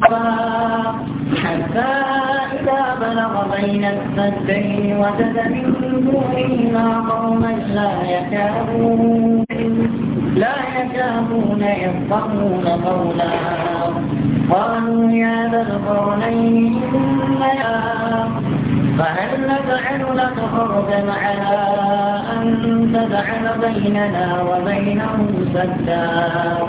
حتى إذا بلغ بين السدين وجد من دونهما قوما لا يكادون لا يكادون يفقهون قولا قالوا يا ذا القرنين يا فهل نفعل لك خرجا على أن تجعل بيننا وبينهم سدا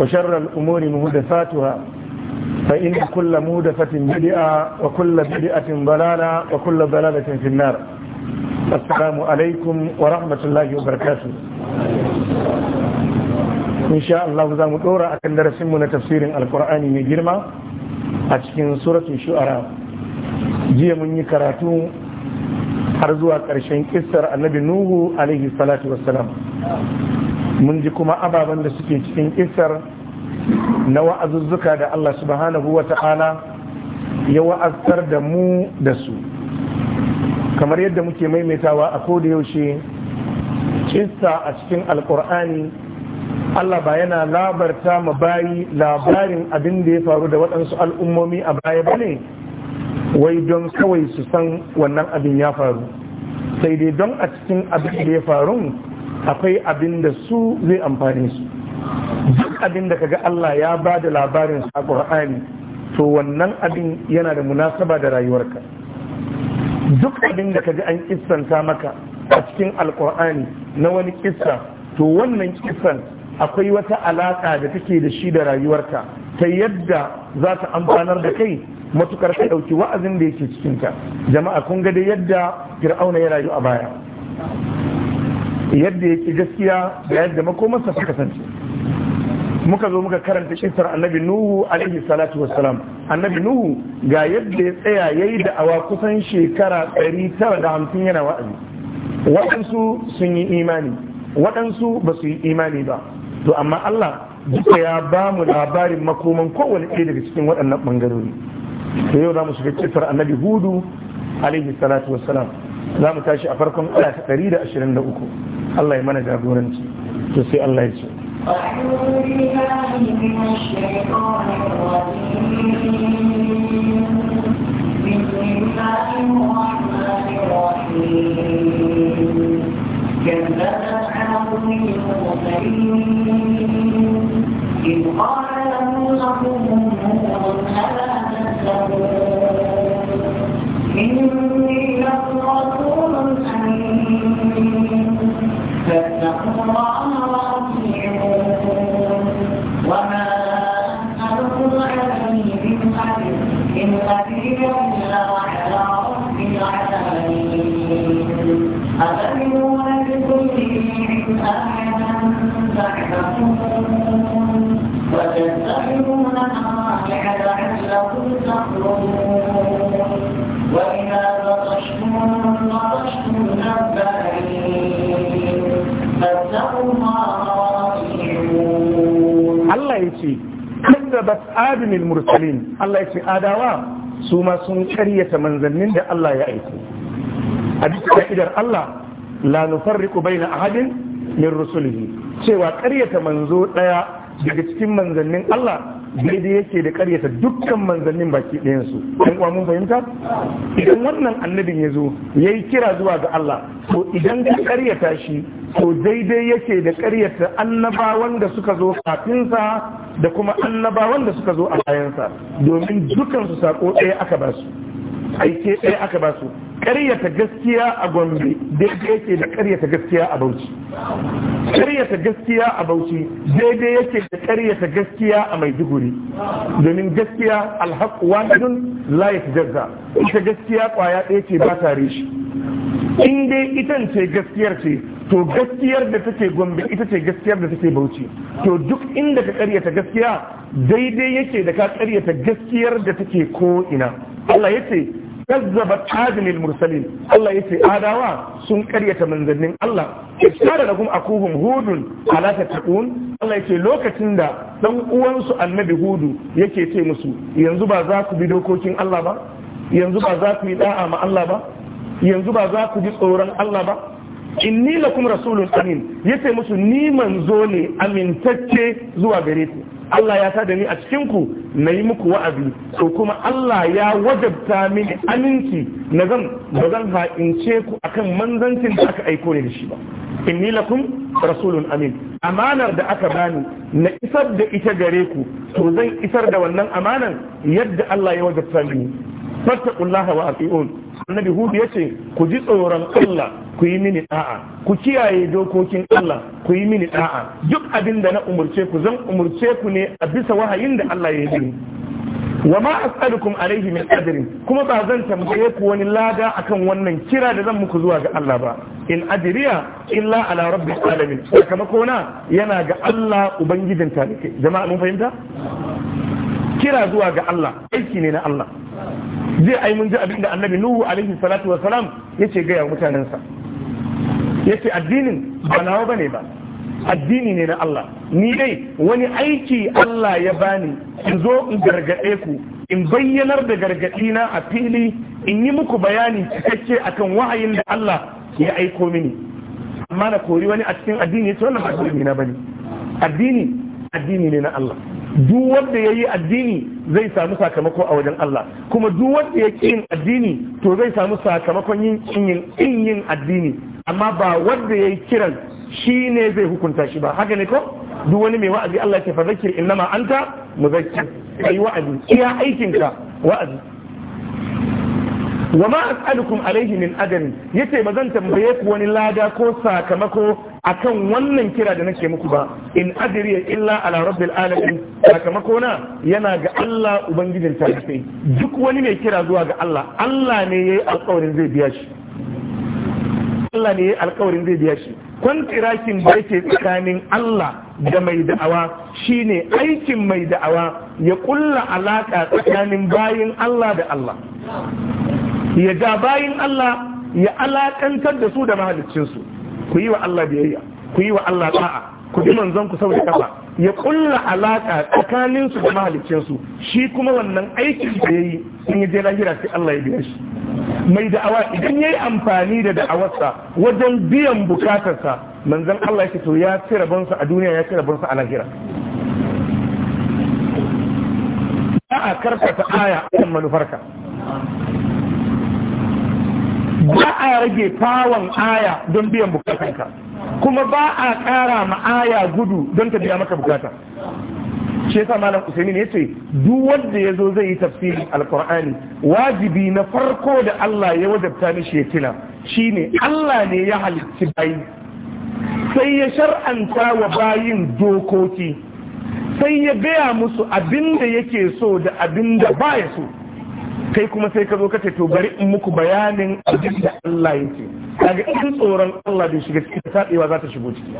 وشر الأمور مهدفاتها فإن كل مهدفة بدعة وكل بدعة ضلالة وكل ضلالة في النار السلام عليكم ورحمة الله وبركاته إن شاء الله زام الأورا أكن درسمنا تفسير القرآن من جرمة أتكين سورة الشعراء جي من يكراتو har zuwa ƙarshen kissar annabi nuhu alaihi salatu wassalam mun ji kuma ababen da suke cikin isar na wa'azuzzuka da Allah subhanahu wa ta'ala ya wa'asar da mu da su kamar yadda muke maimaitawa a koda yaushe kissa a cikin alkur'ani Allah ba yana labarta ma bayi labarin abin da ya faru da waɗansu al'ummomi a baya ba ne wai don kawai su san wannan abin ya faru sai dai don a cikin abin da ya faru akwai abin da su zai amfani su duk abin da kaga Allah ya ba da labarin a Qur'ani to wannan abin yana da munasaba da rayuwarka duk abin da kaga an kissanta maka a cikin alkur'ani na wani kissa to wannan kissan akwai wata alaƙa da take da shi da rayuwarka ta yadda za ta amfanar da kai matukar ka ɗauki wa'azin da yake cikinta jama'a kun ga da yadda fir'auna ya rayu a baya yadda ya ki gaskiya da yadda sa ta kasance muka zo muka karanta kisar annabi nuhu alaihi salatu wassalam annabi nuhu ga yadda ya tsaya yayi da awa kusan shekara 950 yana wa'azi waɗansu sun yi imani waɗansu ba su yi imani ba to amma Allah duka ya ba mu labarin makoman kowane ɗaya daga cikin waɗannan ɓangarori to yau za mu shiga kisar annabi hudu alaihi salatu wassalam za mu tashi a farkon aya ta 123 Allah ya mana jagoranci to sai Allah ya ce أعوذ بالله من الشيطان الرجيم بسم الله الرحمن الرحيم كذبت عاد المرسلين إذ قال له ربهم نور ألا تتقون أشد أمرا وأطيعون وما أسألكم عليه من أجر إن أجري إلا على رب العالمين أتبنون بكل آية تعلمون وتتبعون ما لعلكم تخلقون kazzabat Abimil mursalin Allah ya ce adawa su ma sun karyata manzannin da Allah ya aiko a duk ka'idar Allah la nufarriqu baina ahadin min rusulihi cewa karyata manzo daya daga cikin manzannin Allah daidai yake da karyata dukkan manzannin baki ɗayansu ɗan uwa mun fahimta idan wannan annabin ya zo ya yi kira zuwa ga Allah to idan ka karyata shi to daidai yake da karyata annabawan da suka zo kafinsa da kuma annabawan da suka zo a bayansa domin dukansu saƙo ɗaya aka ba su aike ɗaya aka ba su karyata gaskiya a gombe daidai yake da karyata gaskiya a bauchi karyata gaskiya a bauchi daidai yake da karyata gaskiya a Mai maiduguri domin gaskiya alhaq wahidun la yatajazza ita gaskiya kwaya ɗaya ce ba tare shi in dai ce gaskiyar ce to gaskiyar da take gombe ita ce gaskiyar da take bauchi to duk inda ka karyata gaskiya daidai yake da ka karyata gaskiyar da take ko ina Allah ya ce kazzabat adin mursalin Allah yace adawa sun karyata manzannin Allah iskara lakum akuhum hudun ala tattaqun Allah yace lokacin da dan uwansu annabi hudu yake ce musu yanzu ba za ku bi dokokin Allah ba yanzu ba za ku yi da'a ma Allah ba yanzu ba za ku ji tsoron Allah ba inni lakum rasulun amin yace musu ni manzo ne amintacce zuwa gare ku Allah ya da ni a cikinku na yi muku wa'azi to kuma Allah ya wajabta mini aminci na zan ba zan ha'ince ku akan manzancin da aka aiko ne da shi ba inni lakum rasulun amin amanar da aka bani na isar da ita gare ku to zan isar da wannan amanar yadda Allah ya wajabta mini fattaqullaha wa atiun annabi hudu ya ce ku ji tsoron allah ku yi mini da'a ku kiyaye dokokin allah ku yi mini da'a duk abin da na umurce ku zan umurce ku ne a bisa wahayin da allah ya yi wa ma as'alukum alaihi min ajrin kuma ba zan tambaye ku wani lada akan wannan kira da zan muku zuwa ga Allah ba in ajriya illa ala rabbil alamin sakamako na yana ga Allah ubangijin talikai jama'a mun fahimta kira zuwa ga Allah aiki ne na Allah zai ai mun ji abinda annabi nuhu alaihi salatu wa salam yace ga sa. yace addinin ba nawa bane ba addini ne na Allah ni dai wani aiki Allah ya bani in zo in gargaɗe ku in bayyanar da na a fili in yi muku bayani cikakke akan wahayin da Allah ya aiko mini amma na kori wani a cikin addini to wannan ba addini na bane addini addini ne na Allah duk wanda ya yi addini zai samu sakamako a wajen Allah kuma duk wanda ya ki yin addini to zai samu sakamakon yin yin addini amma ba wanda ya yi kiran shi ne zai hukunta shi ba haka ne ko duk wani mai wa'azi Allah ya fa zakir innama anta muzakkir ai wa'azi iya aikinka wa'azi wa ma as'alukum Alayhi min ajrin yace bazan tambaye ku wani lada ko sakamako akan wannan kira da nake muku ba in adriya illa ala rabbil alamin sakamako na yana ga Allah ubangijin tarihi duk wani mai kira zuwa ga Allah Allah ne yayi alƙawarin zai biya shi Allah ne alƙawarin zai biya shi tirakin da yake tsakanin Allah da mai da'awa shine aikin mai da'awa ya kulla alaka tsakanin bayin Allah da Allah ya ja bayin Allah ya alakantar da su da mahaliccinsu ku yi wa Allah biyayya ku yi wa Allah ta'a ku bi manzon ku saboda kafa ya kulla alaka tsakanin su da mahaliccin su shi kuma wannan aikin da yayi in ya je lahira sai Allah ya biya shi mai da'awa idan yayi amfani da da'awarsa wajen biyan bukatarsa manzon Allah yake to ya ci rabonsa a duniya ya ci rabonsa a lahira ba a karkata aya a manufarka ba a rage fawon aya don biyan bukatanka kuma ba a ƙara ma aya gudu don ta biya maka bukata shi yasa malam usaini ne? ce duk wanda ya zo zai yi tafsirin alkur'ani wajibi na farko da allah ya wajabta mishi ya tuna shine allah ne ya halitta bayi sai ya shar'anta wa bayin dokoki sai ya gaya musu abinda yake so da abinda baya so kai kuma sai ka zo ka ce to bari in muku bayanin abin da Allah ya ce kaga in tsoron Allah bai shiga cikin tabewa za ta shigo ciki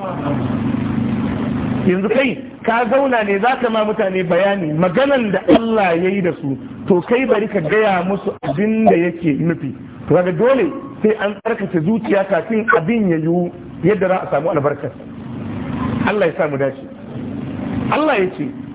yanzu kai ka zauna ne za ka ma mutane bayani maganan da Allah ya yi da su to kai bari ka gaya musu abin da yake nufi to kaga dole sai an tsarkace zuciya kafin abin ya yiwu yadda za a samu albarkar Allah ya samu dace Allah ya ce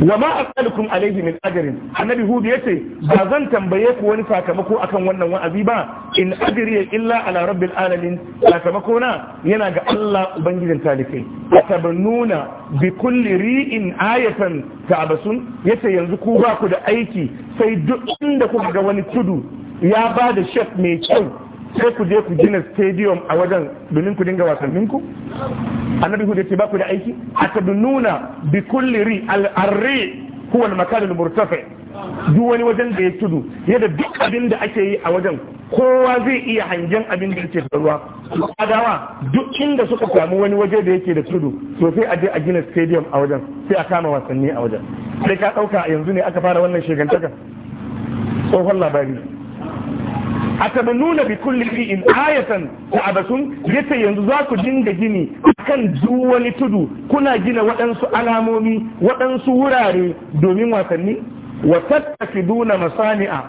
wa ma as'alukum alayhi min ajrin annabi hud yace ba zan tambaye ku wani sakamako akan wannan wa'azi ba in ajri illa ala rabbil alamin sakamako na yana ga Allah ubangijin talikai atabnuna bi kulli ri'in ayatan ta'basun yace yanzu ku ba ku da aiki sai duk inda kuka ga wani tudu ya ba da shef mai kyau sai ku je ku gina stadium a wajen domin ku dinga wasannin ku annabi hudu ce ba ku da aiki nuna bi kulli ri al arri huwa al makan al murtafi duk wani wajen da ya tudu yadda duk abin da ake yi a wajen kowa zai iya hangen abin da yake da ruwa adawa duk inda suka samu wani waje da yake da tudu to sai a je a gina stadium a wajen sai a kama wasanni a wajen sai ka dauka yanzu ne aka fara wannan shegantaka tsohon labari nuna bi kulli in ayatan ta'abasun yace yanzu za ku dinga gini kan duk wani tudu kuna gina waɗansu alamomi waɗansu wurare domin wasanni wa tattakiduna masani'a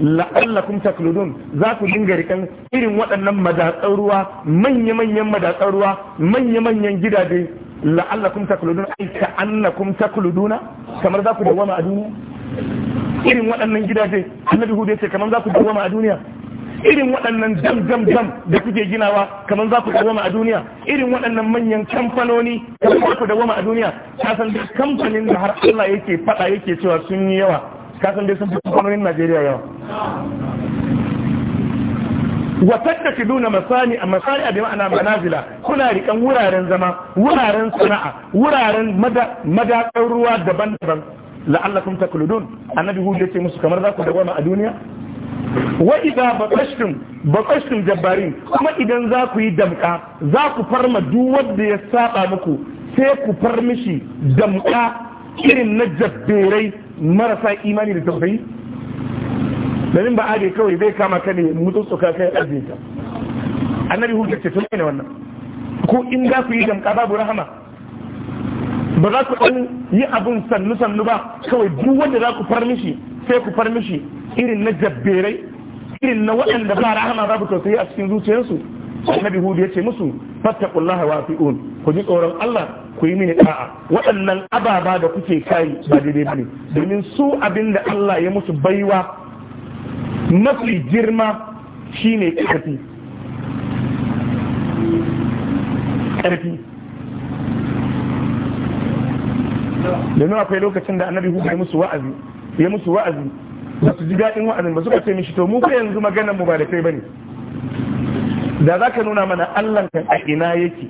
la'allakum takludun za ku dinga rikan irin waɗannan madatsar ruwa manya-manyan madatsar ruwa manya-manyan gidaje la'allakum takludun ai ka annakum takluduna kamar za ku dawama a duniya irin waɗannan gidaje annabi hudu ce kamar za ku dawama a duniya irin waɗannan dam dam dam da kuke ginawa kamar za ku dawama a duniya irin waɗannan manyan kamfanoni kamar za ku dawama a duniya ka san kamfanin da har Allah yake faɗa yake cewa sun yi yawa ka san dai sun fi kamfanonin Najeriya yawa wa tattakiduna masani a masani abin ana manazila kuna rikan wuraren zama wuraren sana'a wuraren madakan ruwa daban-daban la'allakum takludun annabi hudu yace musu kamar za ku dawama a duniya wa idza baqashtum baqashtum jabbarin kuma idan za ku yi damka za ku farma duk wanda ya saba muku sai ku farmishi damƙa damka irin na jabberai marasa imani da tausayi domin ba ade kawai zai kama ka ne mutsutsuka kai ajiye annabi hujja ce tun ne wannan ko in za ku yi damka babu rahama ba za ku ɗan yi abun sannu sannu ba kawai duk wanda za ku farmishi sai ku farmishi irin na jabberai irin na waɗanda ba rahama babu tausayi a cikin zuciyarsu annabi hudu ya ce musu fattaqullaha wa fi'un ku ji tsoron Allah ku yi mini da'a waɗannan ababa da kuke kai ba daidai ba ne, domin su abinda Allah ya musu baiwa mafi girma shine ƙarfi ƙarfi domin akwai lokacin da annabi hudu ya musu wa'azi ba su ji daɗin wa'azin ba suka ce mishi to mu fa yanzu maganan mu ba da kai bane da za ka nuna mana Allah kan a ina yake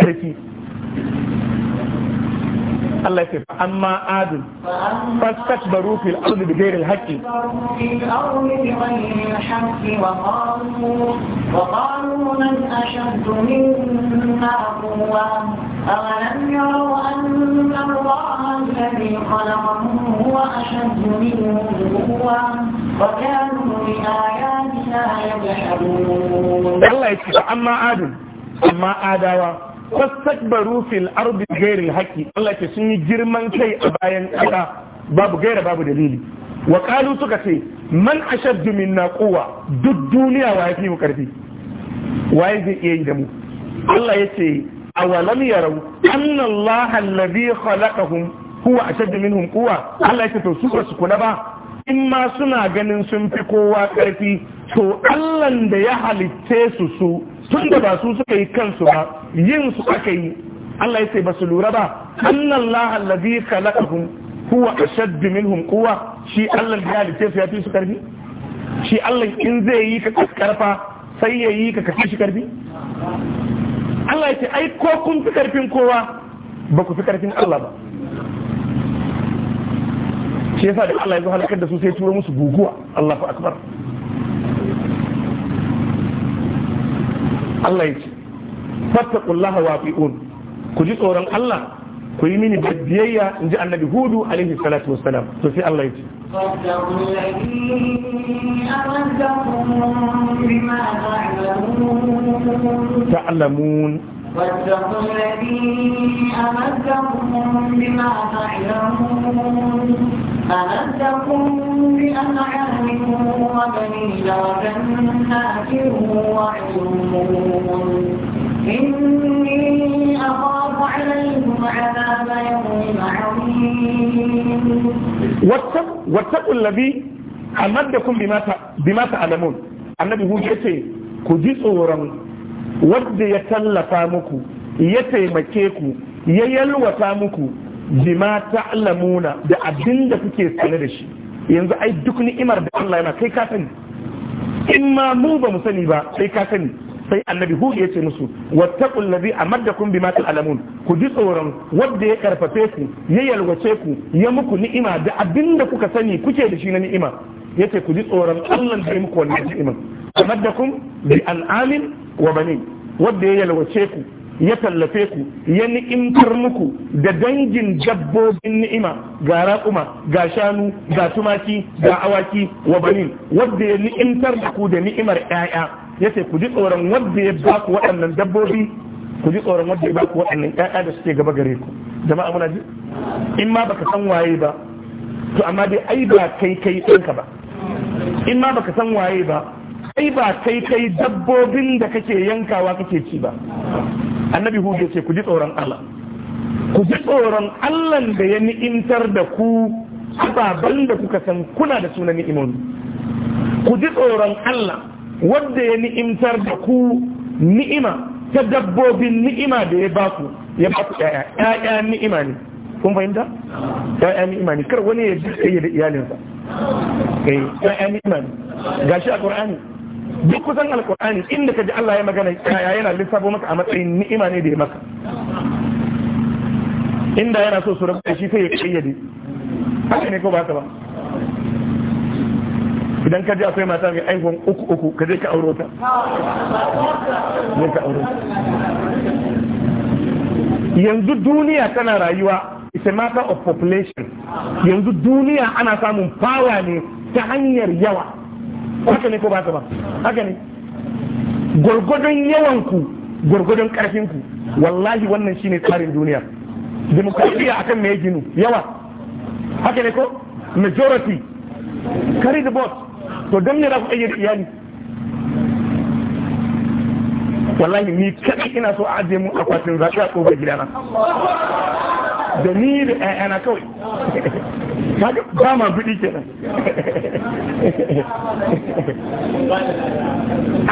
sarki Allah ya ce fa amma adun fastakbaru fil ardi bi ghairi al-haqqi وقالوا من أشد منا أولم يروا أن الله الذي خلقهم هو أشد منهم قوة وكانوا بآياتنا يجحدون الله يتكلم عما آدم عما آدم fastakbaru fil ardi ghairi alhaqi Allah ke sun yi girman kai a bayan ƙasa babu gaira babu dalili wa suka ce man ashaddu minna quwwa duk duniya wa yafi mu karfi waye zai iya yi da mu Allah yace awalam yarau anna Allah allazi khalaqahum huwa ashaddu minhum quwwa Allah yake to su su kula ba in ma suna ganin sun fi kowa ƙarfi to allan da ya halitte su su tun da ba su suka yi kansu ba yin su aka yi Allah ya ce ba su lura ba annan lahar labi kalakahun kuwa a shaddu minhum kuwa shi allan da ya halitte su ya fi su ƙarfi shi allan in zai yi ka karfa sai ya yi ka kashi shi ƙarfi Allah ya ce ai ko kun fi karfin kowa ba ku fi karfin Allah ba shi yasa da Allah ya zo halakar da su sai turo musu guguwa Allahu akbar Allah ya ce fattaqullaha wa fi'un ku ji tsoron Allah كل من بديه ان النبي هود عليه الصلاه والسلام ففي الله يتي تعلمون وَاتَّقُوا الَّذِي أَمَدَّكُمْ بِمَا تَعْلَمُونَ أَمَدَّكُمْ بِأَنْعَامِكُمْ وَبَنِينَ وَجَنَّاتٍ وَعُيُونٍ إِنِّي أَخَافُ عليهم عذاب يوم عظيم واتقوا الذي أمدكم بما تعلمون النبي tsoron wadda ya tallafa muku ya taimake ku ya yalwata muku bima ta'lamuna da abin da kuke sane da shi yanzu ai duk ni'imar da Allah yana kai ka sani in ma mu ba mu sani ba sai ka sani sai annabi hudu ya ce musu wattaqul ladhi amaddakum bima ta'lamun ku ji tsoron wanda ya karfafe ku ya yalwace ku ya muku ni'ima da abinda kuka sani kuke da shi na ni'ima yace ku ji tsoron Allah da ya muku wannan ni'ima amaddakum bi al'amin wa banin wanda ya yalwace ku ya tallafe ku ya ni'imtar muku da dangin dabbobin ni'ima ga raƙuma ga shanu ga tumaki ga awaki wa banin wadda ya ni'imtar da ku da ni'imar ƴaƴa ce ku ji tsoron wadda ya ba ku waɗannan dabbobi ku ji tsoron wadda ya ba ku waɗannan ƴaƴa da suke gaba gare ku jama'a muna ji in ma baka san waye ba to amma dai ai ba kai kai ɗinka ba in ma baka san waye ba Kai ba kai kai dabbobin da kake yankawa kake ci ba annabi Hu ya ce ku ji tsoron Allah ku ji tsoron Allah da ya ni'imtar da ku ababen da kuka san kuna da sunan ni'imon ku ji tsoron Allah wanda ya ni'imtar da ku ni'ima ta dabbobin ni'ima da ya baku ya baku ƴaƴa ƴaƴa ni'ima ne kun fahimta ƴaƴa ni'ima ne kar wani ya ji da iyalinsa eh ƴaƴa ni'ima ne gashi a Qur'ani duk kusan alkur'ani inda ka ji Allah ya magana yaya yana lissafo maka a matsayin ni'ima ne da ya maka inda yana so su rabu da shi sai ya kayyade haka ne ko ba ka ba idan ka ji akwai mata mai aihuwan uku uku ka je ka auro ta yanzu duniya tana rayuwa it's a matter of population yanzu duniya ana samun power ne ta hanyar yawa haka ne ko ba ba haka ne gwargwadon yawanku gwargwadon ku wallahi wannan shine tsarin duniya demokradiyya akan me ginu yawa haka ne ko majority carry the board to dan ne da ku ayyar iyali wallahi ni kada ina so a ajiye mu akwatin zakiya ko ƙofar gidana da ni da ana kawai kaga ba ma budi kenan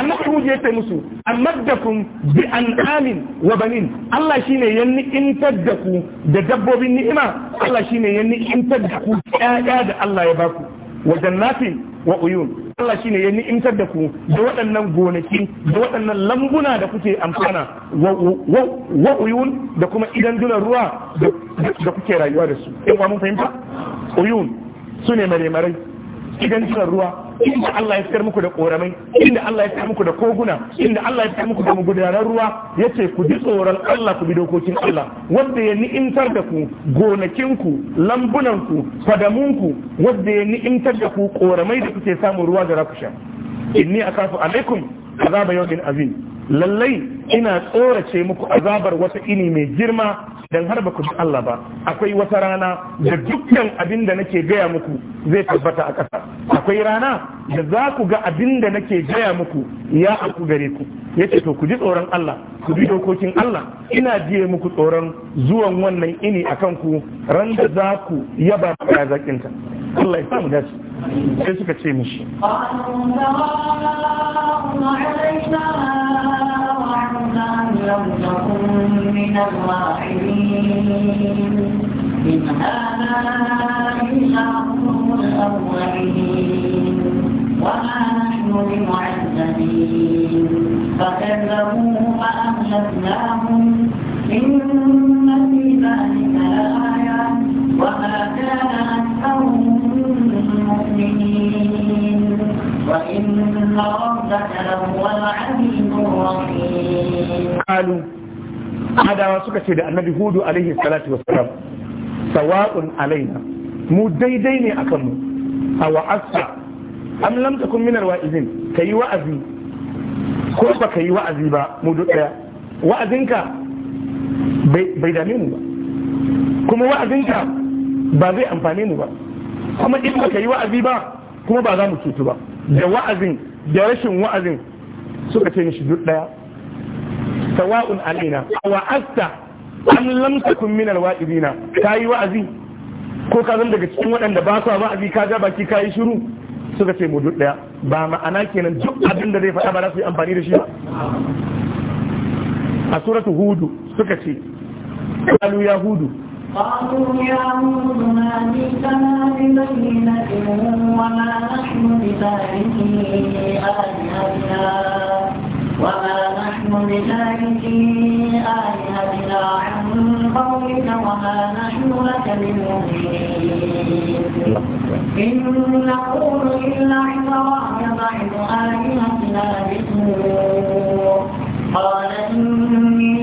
annabi mu ya sai musu amaddakum bi an'amin wa banin Allah shine ya ni'imtar da ku da dabbobin ni'ima Allah shine ya ni'imtar da ku ƴaƴa da Allah ya baku wa jannati wa uyun Allah shine ya ni'imtar da ku da waɗannan gonaki da waɗannan lambuna da kuke amfana wa uyun da kuma idan dunar ruwa da kuke rayuwa da su in mun fahimta uyun su ne maremarai idan cikin ruwa inda Allah ya fitar muku da koramai inda Allah ya fitar muku da koguna inda Allah ya fitar muku da mugudanar ruwa ya ce ku ji tsoron Allah ku bi dokokin Allah wanda ya ni'intar da ku gonakinku lambunanku fadamunku wanda ya ni'intar da ku koramai da kuke samun ruwa da rakusha inni akafu alaikum azaba yawmin azim lallai ina tsorace muku azabar wata ini mai girma dan har ba ku ji Allah ba akwai wata rana da dukkan abin da nake gaya muku zai tabbata a ƙasa akwai rana da za ku ga abin da nake gaya muku ya aku gare ku yace to ku ji tsoron Allah ku bi dokokin Allah ina jiye muku tsoron zuwan wannan ini akan ku ran da za ku yaba ya zakinta Allah ya samu dace sai suka ce mishi أن لم تكن من الراحلين إن هذا إلا قوم الأولين وما نحن بمعذبين فكذبوه فأهلكناهم إن في ذلك لآية وما كان أكثرهم مؤمنين وإن ربك لهو العزيز الرحيم قالوا هذا suka ce da annabi hudu alaihi salatu wassalam sawa'un alaina mu daidai ne akan mu a wa'azta am lam takun min alwa'izin kai wa'azi ko ba kai wa'azi ba mu duk daya wa'azinka bai dame mu ba kuma wa'azinka ba zai amfane mu ba kuma in ba kai wa'azi ba kuma ba za mu cutu ba da wa'azin da rashin wa'azin suka ce mishi duk daya sawa'un A wa'asta, an lamsa kun min ta yi wa'azi ko ka zan daga cikin waɗanda ba su wa'azi ka ga baki kayi shiru suka ce mu duk ɗaya. ba ma'ana kenan duk abin da zai faɗa ba za su yi amfani da shi ba a suratu hudu suka ce ƙalu ya hudu قالوا يا هود na wa. وما نحن بتاركي آلهتنا عن وما نحن لك بمؤمنين إن نقول إلا اعتراك بعض آلهتنا بسوء قال إني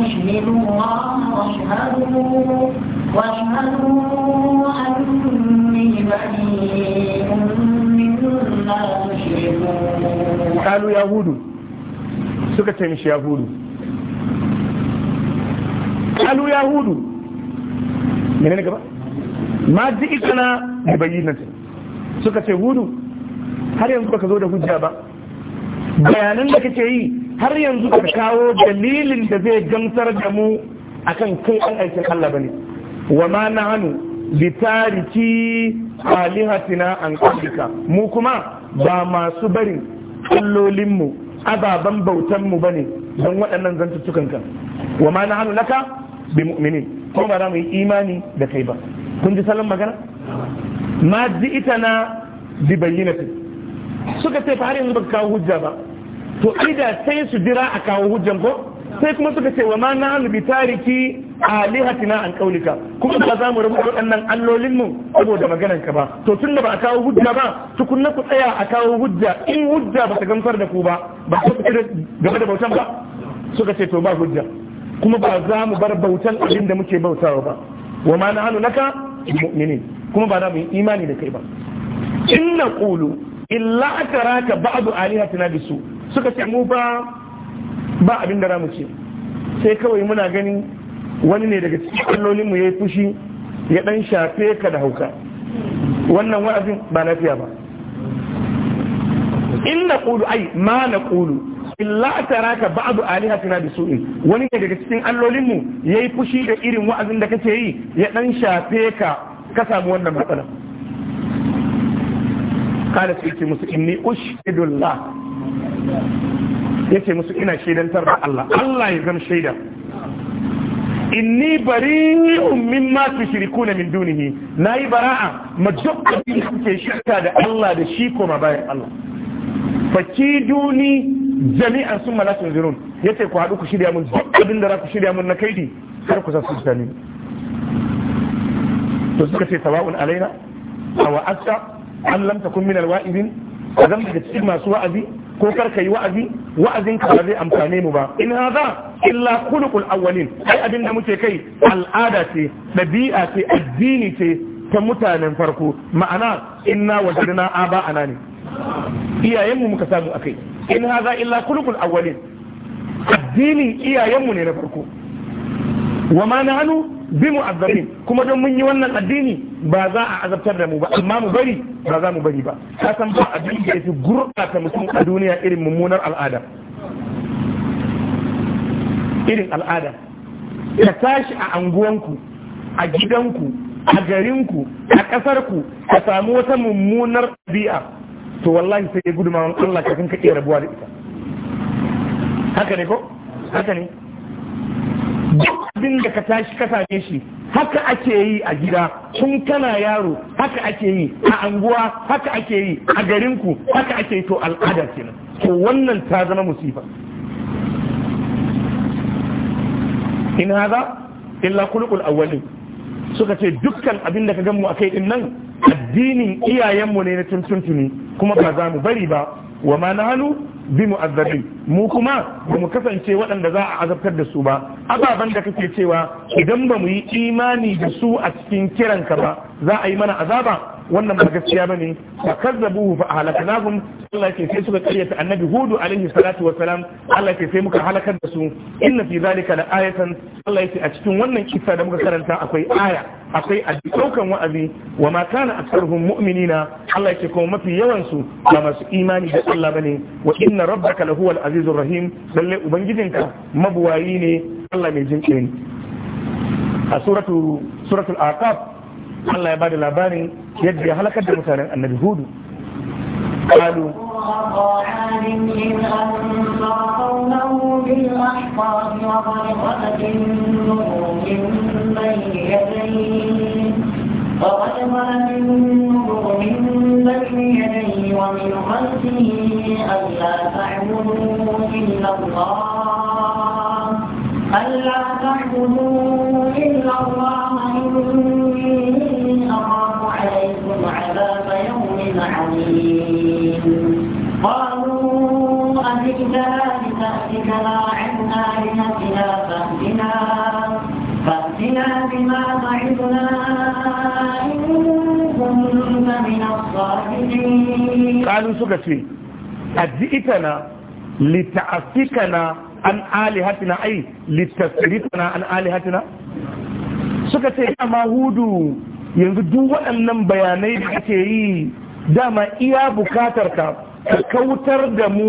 أشهد الله واشهدوا واشهدوا kalu ya hudu suka ce mishi ya hudu kalu ya hudu mene ne gaba ma ji ikana da bayyanata suka ce hudu har yanzu baka zo da hujja ba bayanan da kake yi har yanzu ka kawo dalilin da zai gamsar da mu akan kai an aikin Allah bane wa ma bi tariki alihatina an qablika mu kuma ba masu barin kullolinmu ababen bautanmu ba ne don waɗannan zantuttukan kan wa ma na laka bi mu'minin ko ba za mu yi imani da kai ba kun ji salon magana ma ji ita na bi bayyanati suka ce fa har yanzu baka kawo hujja ba to ida da sai su jira a kawo hujjan ko sai kuma suka ce wa ma na bi tariki alihatina an kaulika kuma ba za mu rubuta waɗannan allolin mu saboda maganar ka ba to tun da ba a kawo hujja ba na ku tsaya a kawo hujja in hujja ba ta gamsar da ku ba ba ku tsira game da bautan ba suka ce to ba hujja kuma ba za mu bar bautan abin da muke bautawa ba wa ma na hannu naka mu'minin kuma ba za mu yi imani da kai ba in na kulu illa aka raka ba'adu alihatina bisu suka ce mu ba ba abin da mu ce sai kawai muna ganin wani ne daga cikin allolinmu ya yi fushi ya dan shafe ka da hauka wannan wa'azin ba lafiya ba in na ƙulu ai ma na ƙulu illa taraka ba'du alihatina bi su'in wani ne daga cikin allolinmu ya yi fushi da irin wa'azin da kake yi ya dan shafe ka ka samu wannan matsala kada su yake musu inni ushidullah ya ce musu ina shaidantar da Allah Allah ya zama shaida inni bari'un mimma tushrikuna min dunihi nayi bara'a ma duk abin da kuke shirka da Allah da shi koma bayan Allah duni jami'an summa la ya yace ku haɗu ku shirya mun duk abin da za ku shirya mun na kaidi kar ku sasu tani to suka ce sawa'un alaina a wa'asta an lamta takun min alwa'izin azam daga cikin masu wa'azi ko kar ka yi wa'azi wa'azin ka ba zai amfane mu ba in hadha illa khuluqul awwalin ai abin da muke kai al'ada ce dabi'a ce addini ce ta mutanen farko ma'ana inna wajadna aba anani iyayenmu muka samu akai in hadha illa khuluqul awwalin addini iyayenmu ne na farko wa ma na hannu bi mu azabin kuma don mun yi wannan addini ba za a azabtar da mu ba amma mu bari ba za mu bari ba ka san ba addini da yafi gurɓata mutum a duniya irin mummunar al'ada irin al'ada ka tashi a anguwanku a gidanku a garinku a ƙasarku ka samu wata mummunar ɗabi'a to wallahi sai ya wani Allah kafin ka iya rabuwa da ita haka ne ko haka ne duk abin da ka tashi ka same shi haka ake yi a gida kun kana yaro haka ake yi a anguwa haka ake yi a garinku haka ake yi to al'ada kenan to wannan ta zama musifa in haza illa kulukul awwalin suka ce dukkan abin da ka ganmu a akai din nan addinin iyayenmu ne na tuntuntuni kuma ba za mu bari ba wa ma hannu? bi muazzabi mu kuma ba mu kasance waɗanda za a azabtar da su ba ababen da kake cewa idan ba mu yi imani da su a cikin kiranka ba za a yi mana azaba wannan ba gaskiya bane fa kazzabuhu fa ahlaknahum Allah ke sai suka karyata annabi hudu alaihi salatu wa salam Allah ke sai muka halakar da su inna fi zalika la ayatan Allah yake a cikin wannan kisa da muka karanta akwai aya akwai addu'aukan wa'azi wa ma kana aktsaruhum mu'minina Allah yake kuma mafi yawan su ba masu imani da Allah bane wa inna rabbaka lahuwal azizur rahim lalle ubangijinka mabuwayi ne Allah mai jinƙe a suratul suratul aqab Allah ya bada labarin yadda ya halakar da mutanen annabi hudu قالوا من بين يديه ومن خلفه ألا تعبدوا إلا الله ألا تعبدوا قالوا أجئنا لتأتنا عن آلهتنا an alihatina ai suka ce dama hudu yanzu duk waɗannan bayanai da ake yi dama iya bukatar ka ka kautar da mu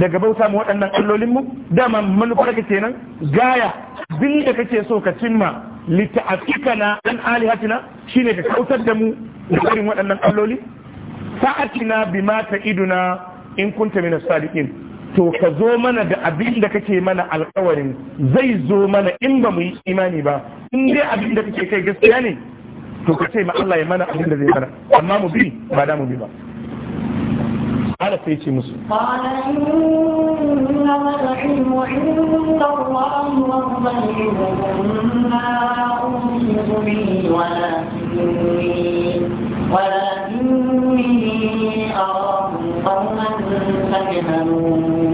daga bauta mu waɗannan allolin mu dama manufar ka kenan gaya bin da kake so ka cimma Ali an alihatina shine ka kautar da mu da irin waɗannan alloli fa'atina bima iduna in kunta min sadiqin to ka zo mana da abin da kake mana alkawarin zai zo mana in ba mu yi imani ba in dai abin da kake kai gaskiya ne to ka ce ma Allah ya mana abin da zai mana amma mu bi ba da mu bi ba ala sai ce musu ala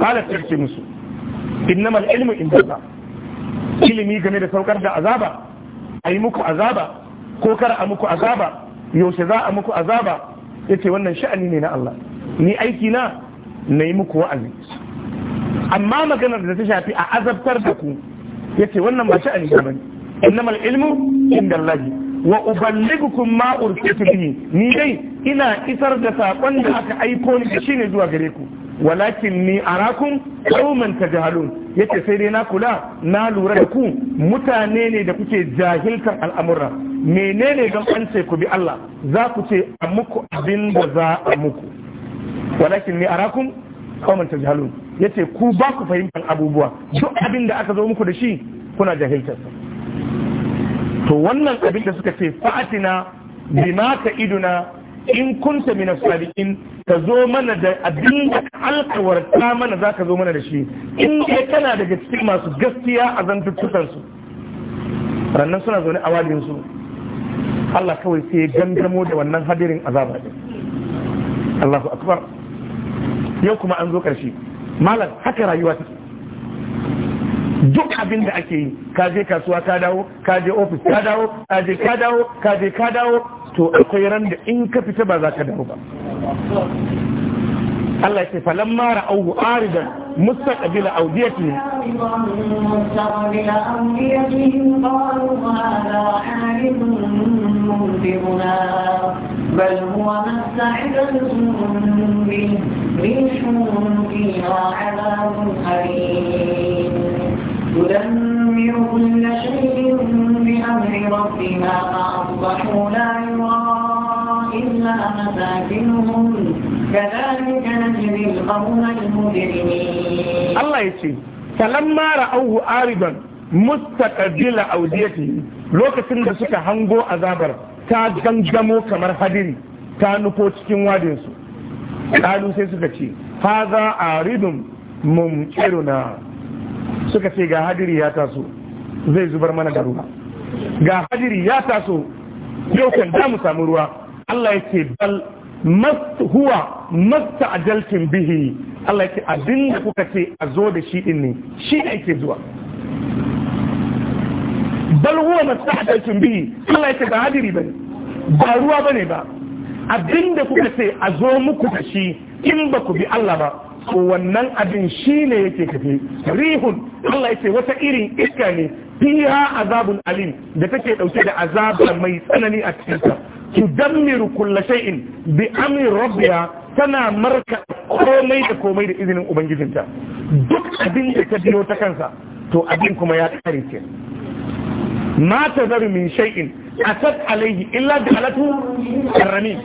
sai ce musu innamal ilmu inda ilimi game da saukar da azaba a yi muku azaba ko kara a muku azaba yaushe za a muku azaba ya ce wannan sha'ani ne na Allah ni aiki na na yi muku wa'azi amma maganar da ta shafi a azabtar da ku ya ce wannan ba sha'ani ba ne innama ilmu inda Allah wa uballigukum ma ursitu bihi ni dai ina isar da sakon da aka aiko ni da ne zuwa gare ku walakin ni arakum qauman tajhalun yace sai dai na kula na lura da ku mutane ne da kuke jahiltar al'amura menene don an ce ku bi Allah za ku ce a muku abin da za a muku walakin ni arakum qauman tajhalun yace ku ba ku fahimtar abubuwa duk abin da aka zo muku da shi kuna jahiltar to wannan abin da suka ce fa'atina bima ka iduna in kunta min as-sadiqin ka zo mana da abin da alkawarta mana zaka zo mana da shi in dai kana daga cikin masu gaskiya a zantuttukan su rannan suna zaune a wajin su Allah kawai sai ya gangamo da wannan hadirin azaba din Allahu akbar yau kuma an zo karshe malam haka rayuwa take duk abin da ake yi kaje kasuwa ka dawo ka je ofis ka dawo ka ka dawo ka ka dawo to akwai ran da in ka fita ba za ka dawo ba Allah ya ce falamma ra'awu aridan مستقبل أوديتهم مستقبل أوديتهم قالوا هذا حارب ممطرنا بل هو ما استعجلتم ريح فيها عذاب أليم تدمر كل شيء بأمر ربنا فأصبحوا لا يرى إلا مساكنهم Allah ya ce Salam mara auhu ariban رأوه عارضا مستقبل أوديته lokacin da suka hango azabar ta gangamo kamar hadiri ta nufo cikin wadinsu kalu sai suka ce haza a ƙero mumkiruna suka ce ga hadiri ya taso zai zubar mana da ruwa ga hadiri ya taso yau kan mu samu ruwa Allah ya ce bal huwa masta ajaltin bihi Allah ce abin da kuka ce a zo da shi din ne shi ne ke zuwa bal huwa masta ajaltin bihi Allah ce ba hadiri bane ba ruwa bane ba abin da kuka ce a zo muku da shi in ba ku bi Allah ba to wannan abin shi ne yake tafi rihun Allah ya ce wata irin iska ne fiha azabun alim da take dauke da azaba mai tsanani a cikinsa tudammiru kulla shay'in bi amri rabbiha tana marka komai da komai da izinin ubangijinta duk abin da ta biyo ta kansa to abin kuma ya kare ce ma ta zaru min shay'in asat alayhi illa bi alatu karrami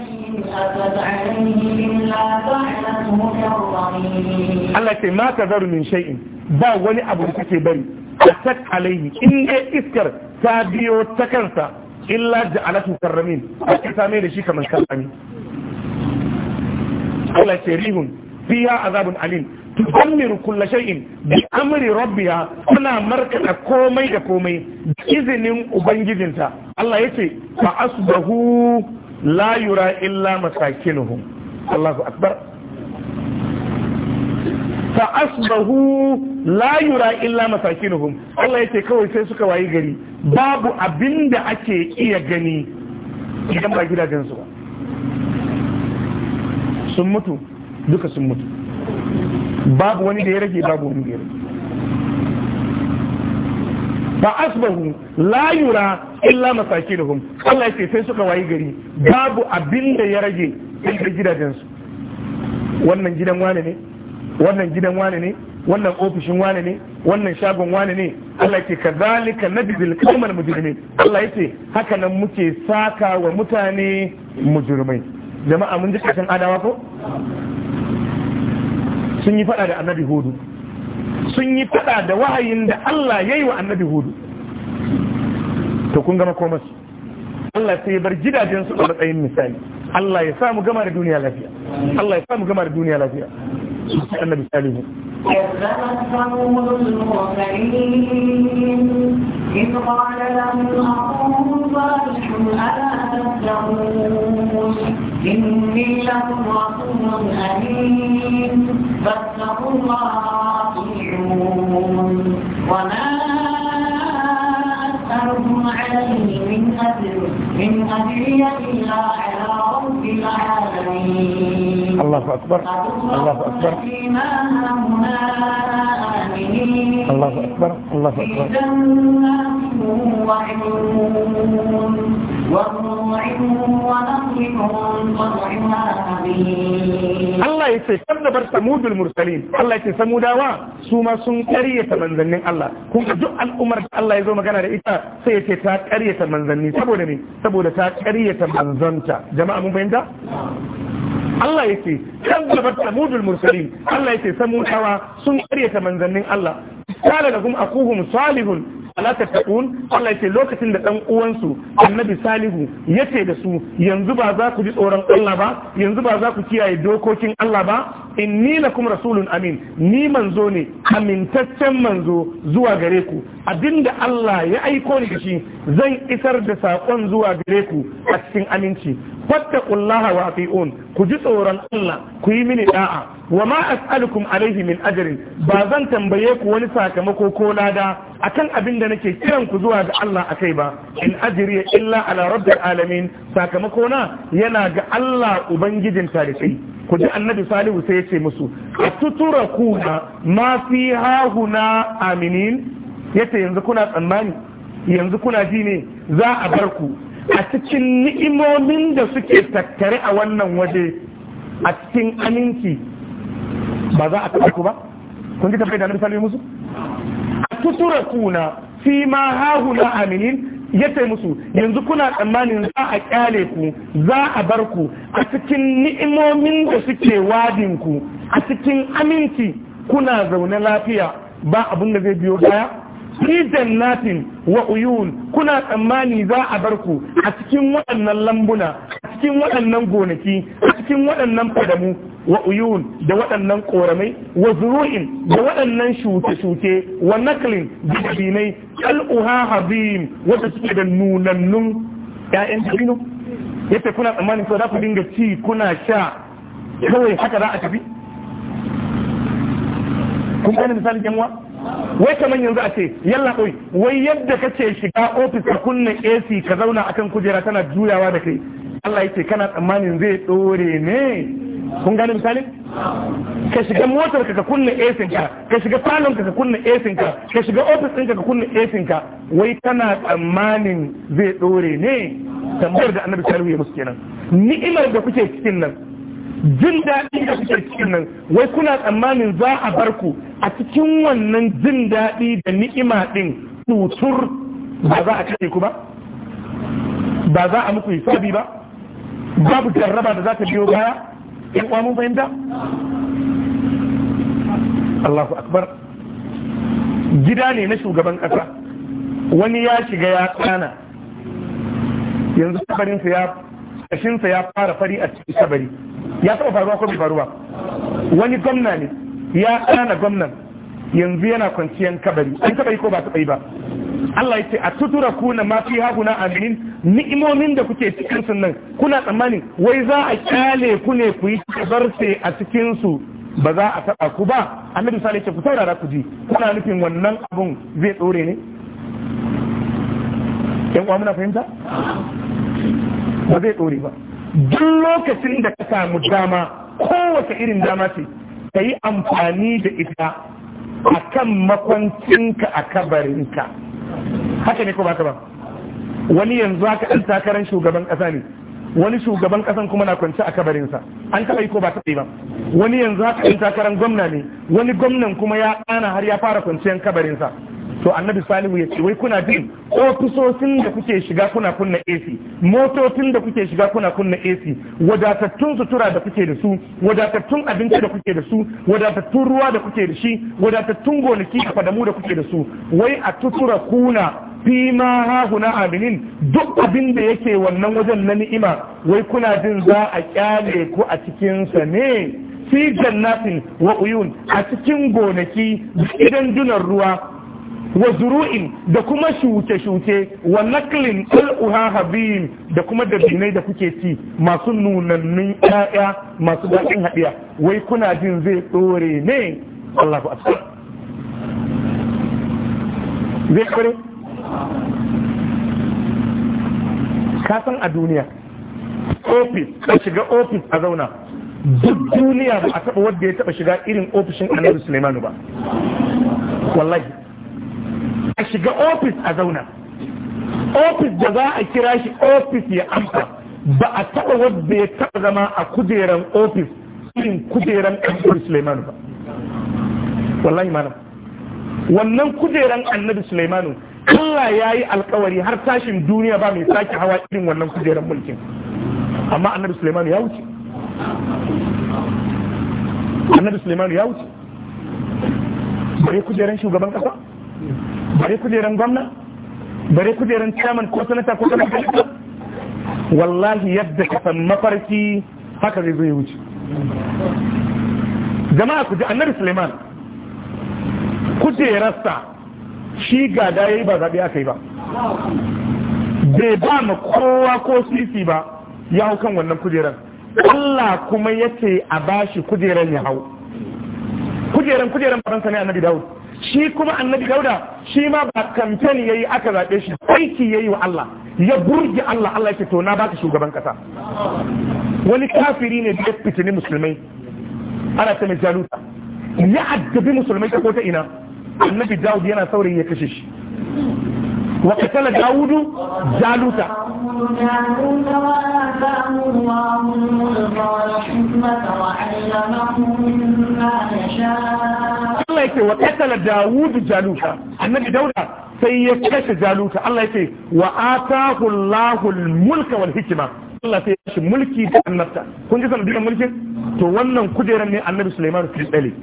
Allah ce ma ta zaru min shay'in ba wani abu da kake bari asat alaihi in iskar ta biyo ta kansa illa ja'alatu karramin ake same da shi kamar karrami Allah ce rihun fiha azabun alim tudammiru kulla shay'in bi amri rabbiha tana markada komai da komai da izinin ubangijinta Allah yace fa asbahu la yura illa masakinuhum Allahu akbar fa asbahu la yura illa masakinuhum Allah yake kawai sai suka wayi gari babu abinda ake iya gani idan ba gidajen su ba sun mutu duka sun mutu babu wani da ya rage babu wani da ya rage fa asbahu la yura illa masakinuhum Allah yake sai suka wayi gari babu abinda ya rage sai gidajen su wannan gidan wane ne wannan gidan wane ne wannan ofishin wane ne wannan shagon wane ne Allah ke kazalika nabdil qaumal mujrimin Allah yace haka nan muke saka wa mutane mujrimai jama'a mun ji kashin adawa ko sun yi fada da annabi hudu sun yi fada da wahayin da Allah yayi wa annabi hudu to kun gama komas Allah sai bar gidajen su a matsayin misali Allah ya samu gama da duniya lafiya Allah ya samu gama da duniya lafiya سبحان النبي سالم كذبت ثمود المرسلين إذ قال لهم أخوهم صالح ألا تتقون إني لكم رسول أمين فاتقوا الله وأطيعون وما أنعمتم عليه من أجل من إلا على رب العالمين الله أكبر الله أكبر الله أكبر الله أكبر Allah ya ce, "Kan bar Samudul Mursalin, Allah ya ce, Samudawa su sun ƙaryata manzannin Allah, kun ga duk al’ummar da Allah ya zo magana da ita sai ya ce ta ƙaryata manzanni, saboda ne, ta ƙaryata manzanta, jama’a mun fahimta? Allah ya ce, "Kan bar Samudul Mursalin, Allah ya ce, Samudawa sun ƙaryata manzannin Allah, ta tattaqun Allah ce lokacin da ɗan uwansu annabi salihu ya ce da su yanzu ba za ku ji tsoron Allah ba yanzu ba za ku kiyaye dokokin Allah ba in ni na kuma rasulun amin ni manzo ne amintaccen manzo zuwa gare ku abinda Allah ya aiko ni da shi zan isar da saƙon zuwa gare ku a cikin aminci fattaqullaha wa ati'un ku ji tsoron Allah ku yi mini ɗa'a wa ma as'alukum alaihi min ajrin ba zan tambaye ku wani sakamako ko lada akan abin da nake kiran ku zuwa ga Allah akai ba in ajriya illa ala rabbil alamin sakamako na yana ga Allah ubangijin tarihi ku ji annabi salihu sai ya ce musu atutura kuna ma fi hahuna aminin yace yanzu kuna tsammani yanzu kuna ji ne za a bar ku a cikin ni'imomin da suke tattare a wannan waje a cikin aminci ba za a taɓa ku ba kun ji tafiya da annabi salihu musu a tutura kuna fi ma hahuna aminin ya ce musu yanzu kuna tsammanin za a kyale ku za a bar ku a cikin ni'imomin da suke wadin ku a cikin aminci kuna zaune lafiya ba abin da zai biyo baya fi jannatin wa uyun kuna tsammani za a bar ku a cikin waɗannan lambuna a cikin waɗannan gonaki a cikin waɗannan fadamu wa uyun da waɗannan ƙoramai wa zuru'in da waɗannan shuke-shuke wa naklin da dabinai al'uha hazim wata suke da nunannun ƴaƴan dabino yadda kuna tsammanin ko za ku dinga ci kuna sha kawai haka za a tafi kun gane misalin yan wai kamar yanzu a ce yalla oi wai yadda kace shiga ofis ka kunna AC ka zauna akan kujera tana juyawa da kai Allah yake kana tsammanin zai dore ne kun gane misalin ka shiga motar ka ka kunna esin ka ka shiga falon ka ka kunna esin ka ka shiga office ɗinka ka kunna esin ka wai kana tsammanin zai dore ne tambayar da annabi salihu ya musu kenan ni'imar da kuke cikin nan jin daɗi da kuke cikin nan wai kuna tsammanin za a bar ku a cikin wannan jin daɗi da ni'ima ɗin tutur ba za a kashe ku ba ba za a muku hisabi ba babu jarraba da za ta biyo baya in kwamun fahimta Allahu akbar gida ne na shugaban kasa wani ya shiga ya tsana yanzu sabarinsa ya kashinsa ya fara fari a cikin sabari ya taɓa faruwa ko bai faruwa wani gwamna ne ya tsana gwamnan yanzu yana kwanciyan kabari an taɓa yi ko ba taɓa yi ba Allah ya ce a tutura kuna mafi haguna aminin ni'imomin da kuke cikin sun nan kuna tsammani wai za a kyale ku ne ku yi barse a cikin su ba za a taɓa ku ba annabi sale ce ku saurara ku ji kuna nufin wannan abun zai tsore ne yan uwa muna fahimta ba zai tsore ba duk lokacin da ka samu dama kowace irin dama ce ka yi amfani da ita a kan makwancinka a kabarinka haka ne ko ba ka ba wani yanzu haka ɗan takarar shugaban ƙasa ne wani shugaban ƙasan kuma na kwance a kabarinsa an taɓa yi ko ba taɓa ba wani yanzu haka ɗan takarar gwamna ne wani gwamnan kuma ya ɗana har ya fara kwanciyar kabarinsa to annabi salihu ya ce wai kuna jin ofisosin da kuke shiga kuna kunna AC motocin da kuke shiga kuna kunna AC wadatattun sutura da kuke da su wadatattun abinci da kuke da su wadatattun ruwa da kuke da shi wadatattun gonaki da fadamu da kuke da su wai a tutura kuna fi ma hahuna aminin duk abin da yake wannan wajen na ni'ima wai kuna jin za a kyale ku a cikinsa ne fi jannatin wa a cikin gonaki da idan dunar ruwa wa zuru'in da kuma shuke-shuke wa naklin al'uha habin da kuma dabinai da kuke ci masu nunannun ƴaƴa masu daɗin haɗiya wai kuna jin zai tsore ne Allahu akbar zai kare ka san a duniya ofis ka shiga ofis a zauna duk duniya ba a taɓa wadda ya taɓa shiga irin ofishin annabi Suleimanu ba wallahi a shiga ofis a zauna ofis da za a kira shi ofis ya amsa ba a taɓa wadda ya taɓa zama a kujeran ofis irin kujeran annabi Suleiman ba wallahi malam wannan kujeran annabi Suleiman Allah ya yi alkawari har tashin duniya ba mai sake hawa irin wannan kujeran mulkin amma annabi Suleiman ya wuce annabi Suleiman ya wuce bare kujeran shugaban kasa bare kujeran gwamna bare kujeran chairman ko sanata ko sanata wallahi yadda ka san mafarki haka zai zo ya wuce jama'a ku ji annabi suleiman kujerarsa shi gada ya yi ba zaɓe aka yi ba bai ba ma kowa ko sisi ba ya hau kan wannan kujerar Allah kuma yace a bashi kujerar ya hau kujerar kujerar faransa ne annabi dawud shi kuma annabi dauda shi ma ba kamfen yayi aka zaɓe shi aiki yayi wa Allah ya burge Allah Allah ya to na ka shugaban kasa wani kafiri ne da ya fitini musulmai ana ta mai jaluta ya addabi musulmai ta ko ta ina annabi dawud yana saurayi ya kashe shi وقتل داود جالوتا Allah yake wa katala Dawud Jaluta Dauda sai ya kashe Jaluta Allah yake Allah sai ya shi mulki da annabta kun ji sanadin to wannan kujeran ne annabi Sulaiman ya tsale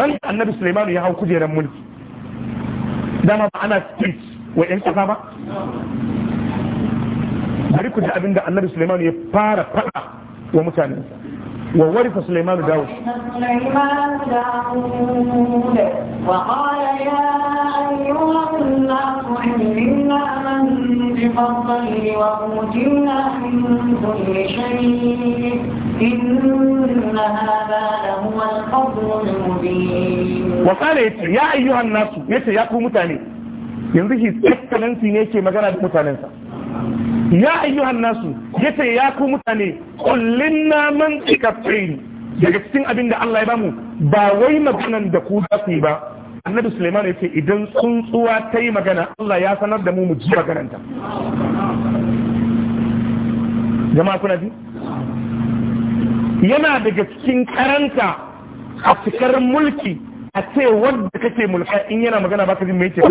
ran annabi Sulaiman ya hau kujeran mulki dama ba ana speech wa yan ƙasa ba bari ku ji abin da annabi suleiman ya fara faɗa wa mutanen وورث سليمان داود سليمان داود وقال يا أيها الناس علمنا منطق الظل وأوتنا من كل شيء إن هذا لهو الفضل المبين وقال يا أيها الناس يا قوم تاني yanzu shi excellency ne ke magana da mutanensa ya ayyuhan ya ce ya ku mutane na man tikafin daga cikin abin da Allah ya bamu ba wai maganan da ku za su yi ba annabi Suleiman ya ce, idan tsuntsuwa ta yi magana Allah ya sanar da mu mu ji magananta jama'a kuna ji yana daga cikin karanta a cikar mulki a ce wadda kake mulka in yana magana ba ka ji mai ce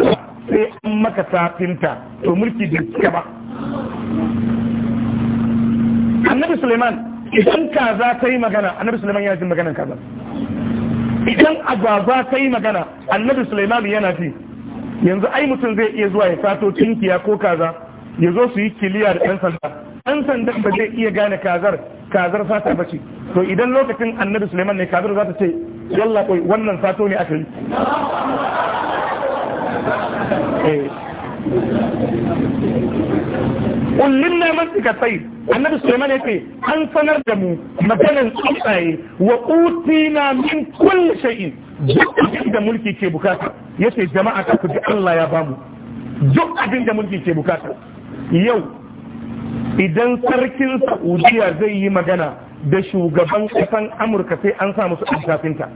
sai an maka tafinta to mulki da ba annabi suleiman idan kaza ta yi magana annabi suleiman yana jin maganan kaza idan agwagwa ta yi magana annabi suleiman yana ji. yanzu ai mutum zai iya zuwa ya fato tinkiya ko kaza ya zo su yi kiliya da ɗan sanda ɗan sanda ba zai iya gane kazar kazar fata ba ce to idan lokacin annabi suleiman ne kazar za ta ce yalla koi wannan fato ne aka yi eh. Kullum na man suka sai annabi ya ce an sanar da mu maganan tsuntsaye wa utina min kulli shay'in duk da mulki ke bukata yace jama'a ta ku Allah ya bamu duk abin da mulki ke bukata yau idan sarkin Saudiya zai yi magana da shugaban kasan Amurka sai an sa musu alkafinta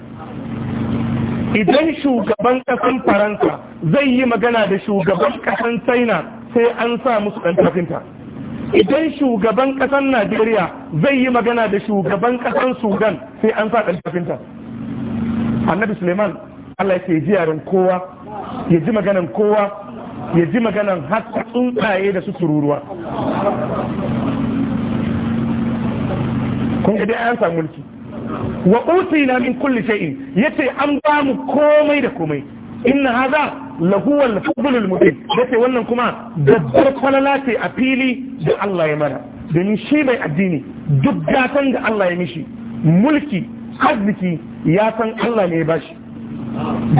idan shugaban kasan Faransa zai yi magana da shugaban kasan China sai an sa musu ɗan tafinta idan shugaban ƙasar najeriya zai yi magana da shugaban ƙasar sudan sai an sa ɗan tafinta annabi suleiman allah ya ji yaren kowa ya ji maganan kowa ya ji maganan hatta tsuntsaye da su tururuwa kun ga idan an samu mulki wa utina min kulli shay'in yace an ba mu komai da komai inna haza. lahuwal fadlul mubin yace wannan kuma babbar falala ce a fili da Allah ya mana domin shi mai addini duk gatan da Allah ya mishi mulki arziki ya san Allah ne ya bashi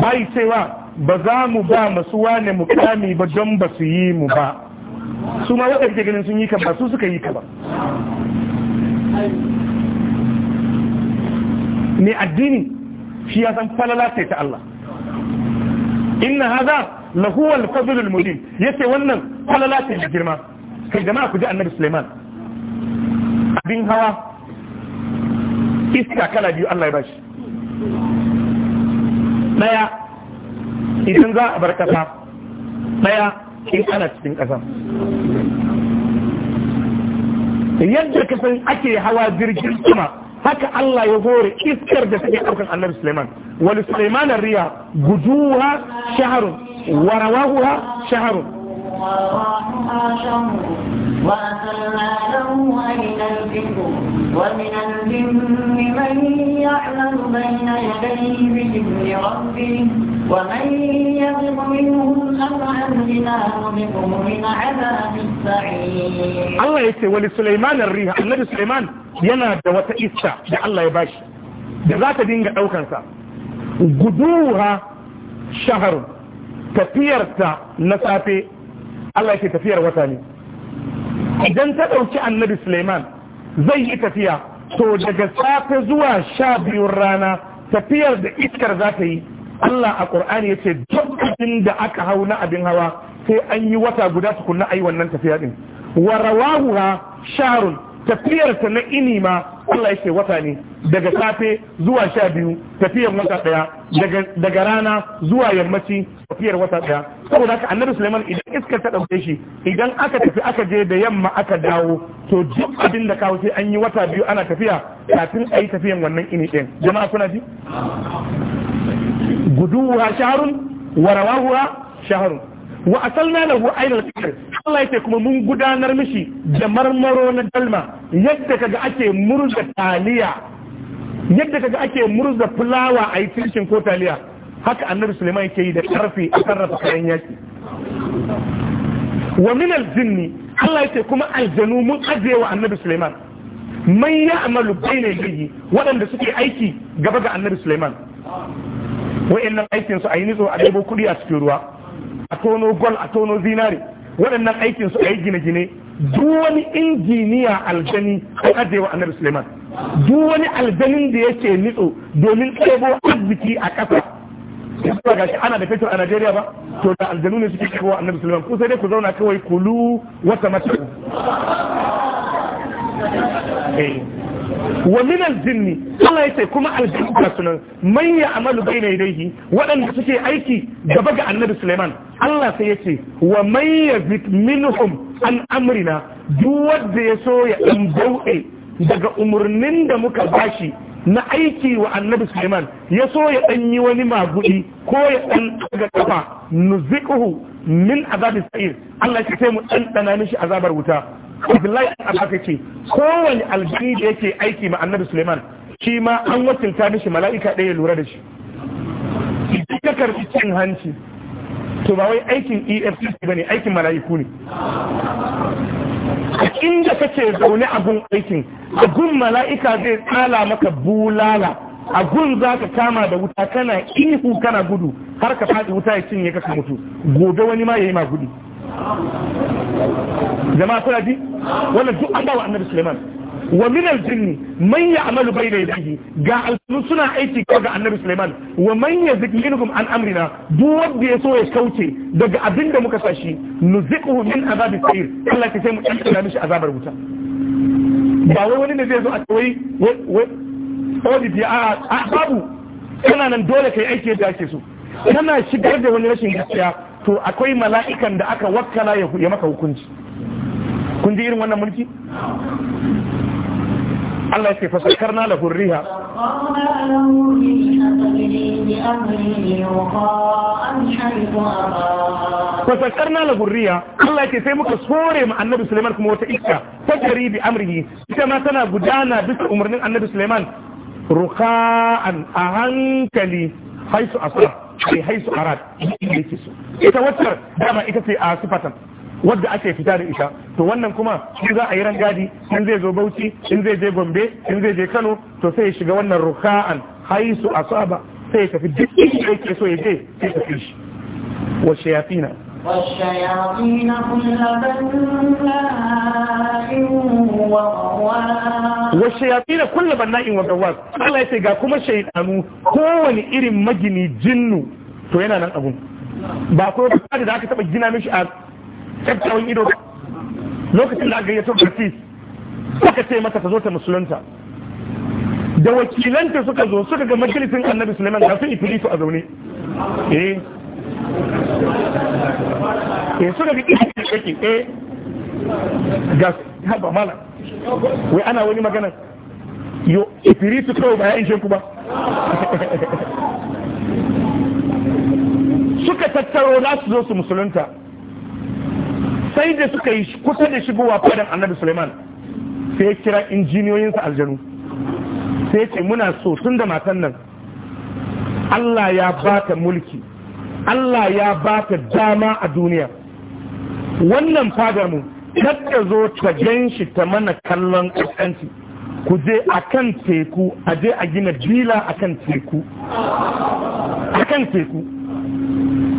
bai cewa ba za mu ba masu wane mukami ba don ba su yi mu ba su ma waɗanda ganin sun yi ka ba su suka yi ka ba mai addini shi ya san falala ce ta Allah inna hadha la huwa al-fadl al-mubin yace wannan falala ce girma kai jama'a ku ji annabi Sulaiman abin hawa iska kala biyu Allah ya bashi daya idan za a bar kasa daya in ana cikin kasa yadda kasan ake hawa jirgin kuma. haka Allah ya hore iskar da take ɗaukar annabi Suleiman wani Suleiman riya guduwa shaharun warawahuwa shaharun وأرسلنا له من الجن ومن الجن من يعلم يعلم بين يديه بإذن ربه ومن يغض منهم أن أهلنا نذقه من عذاب السعير الله يسي ولسليمان الريح النبي سليمان yana da wata iska da Allah ya bashi da za ta dinga ɗaukansa guduha shahar tafiyarta na safe Allah yake tafiyar wata ne idan ta ɗauki annabi Suleiman zai yi tafiya to daga safe zuwa sha biyun rana tafiyar da iskar za ta yi Allah a ƙur'ani ya ce abin da aka hau na abin hawa sai an yi wata guda tukunna a yi wannan tafiya ɗin wa rawahuha sharun tafiyarsa na ini ma Allah yake wata ne daga safe zuwa sha biyu tafiyar wata daya daga rana zuwa yammaci tafiyar wata daya saboda haka annabi Sulaiman idan iskar ta dauke shi idan aka tafi aka je da yamma aka dawo to duk abin da kawo sai an yi wata biyu ana tafiya kafin ayi tafiyan wannan ini din jama'a kuna ji guduwa shaharun warawahuwa shaharun wa asalna lahu al-fikr Allah yake kuma mun gudanar mishi da marmaro na dalma yadda kaga ake murza taliya yadda kaga ake murza fulawa a yi ko taliya haka annabi Sulaiman yake yi da karfi a sarrafa kayan yaki wa min al-jinn Allah yake kuma aljanu mun ajiye wa annabi Sulaiman man ya'malu bayna yadihi waɗanda suke aiki gaba ga annabi Sulaiman wa'annan aikin su ayi nitso a daibo kudi a cikin ruwa a tono gol a tono zinari waɗannan aikin su ayi gine-gine duk wani injiniya aljani an ajewa annabi suleiman duk wani aljanin da yake nitso domin ɗebo arziki a ƙasa ba gashi ana da fetur a Najeriya ba to da aljanu ne suke kawo annabi suleiman ku sai dai ku zauna kawai kulu wata mata eh. wa min al-jinn Allah yace kuma al-jinn sunan man ya'malu bayna yadayhi waɗanda suke aiki gaba ga Annabi Suleiman? Allah sai yace wa man yazid minhum an amrina duk wanda ya so ya dan bauɗe daga umurnin da muka bashi na aiki wa Annabi Suleiman ya so ya dan yi wani magudi ko ya dan ga kafa nuziquhu min azabi sa'ir Allah ya ce mu dan dana mishi azabar wuta Abdullahi Abbas ce kowane aljini da yake aiki ma Annabi Suleiman shi ma an wakilta mishi mala'ika ɗaya ya lura da shi idan ka karbi cin hanci to ba wai aikin EFCC ne aikin mala'iku ne a inda kake zaune a gun aikin a gun mala'ika zai tsala maka bulala a gun za ka kama da wuta kana ihu kana gudu har ka faɗi wuta ya cinye ka mutu gobe wani ma ya yi ma gudu Zama kuna ji wannan duk an bawa annabi suleiman wa min aljinn man ya'malu bayna yadihi ga alsun suna aiki ko ga annabi suleiman wa man yazik minhum an amrina duk wanda ya so ya kauce daga abinda muka sashi nuziquhu min azabi sa'ir Allah ya sai mu tsaya mishi azabar wuta ba wai wani ne zai zo a tawai wai audit ya a babu kana nan dole kai aiki da ake so kana shigar da wani rashin gaskiya to akwai mala'ikan da aka wakkala ya maka hukunci kun ji irin wannan mulki Allah ke fasakar na lahun riha fasakar na lahun riha Allah ke sai muka sore ma annabi Suleiman kuma wata iska ta gari bi amrihi ita ma tana gudana bisa umarnin annabi Suleiman ruka'an a hankali haisu asar kai haisu arad inda yake su ita waccar dama ita ce a sifatan wadda ake fita da ita to wannan kuma in za a yi rangadi in zai zo Bauchi in zai je Gombe in zai je Kano to sai ya shiga wannan ruka'an haisu asaba sai ya tafi duk inda yake so ya je sai tafi shi wa shayatina والشياطين كل بناء وغواص والشياطين كل بناء وغواص الله يتي ga kuma shaydanu kowani irin magini jinnu to yana nan abun ba ko ba da aka taba gina mishi a tsaftawan ido lokacin da aka yi to barci suka ce mata ta zo ta musulunta da wakilanta suka zo suka ga majalisin annabi Sulaiman ga su ibilisu a zaune eh ya suka ga da kake eh ga haɓa mala wai ana wani magana yo ifiri su kawo ba ya ishe ku ba suka tattaro za su zo su musulunta sai da suka yi kusa da shigowa fadan annabi suleiman sai ya kira injiniyoyinsa aljanu sai ce muna so tun da matan nan Allah ya ba ta mulki Allah ya ba ta dama a duniya wannan fada mu ta zo ta gan shi ta mana kallon ƙasƙanci ku je a kan teku a je a gina jila a kan teku a kan teku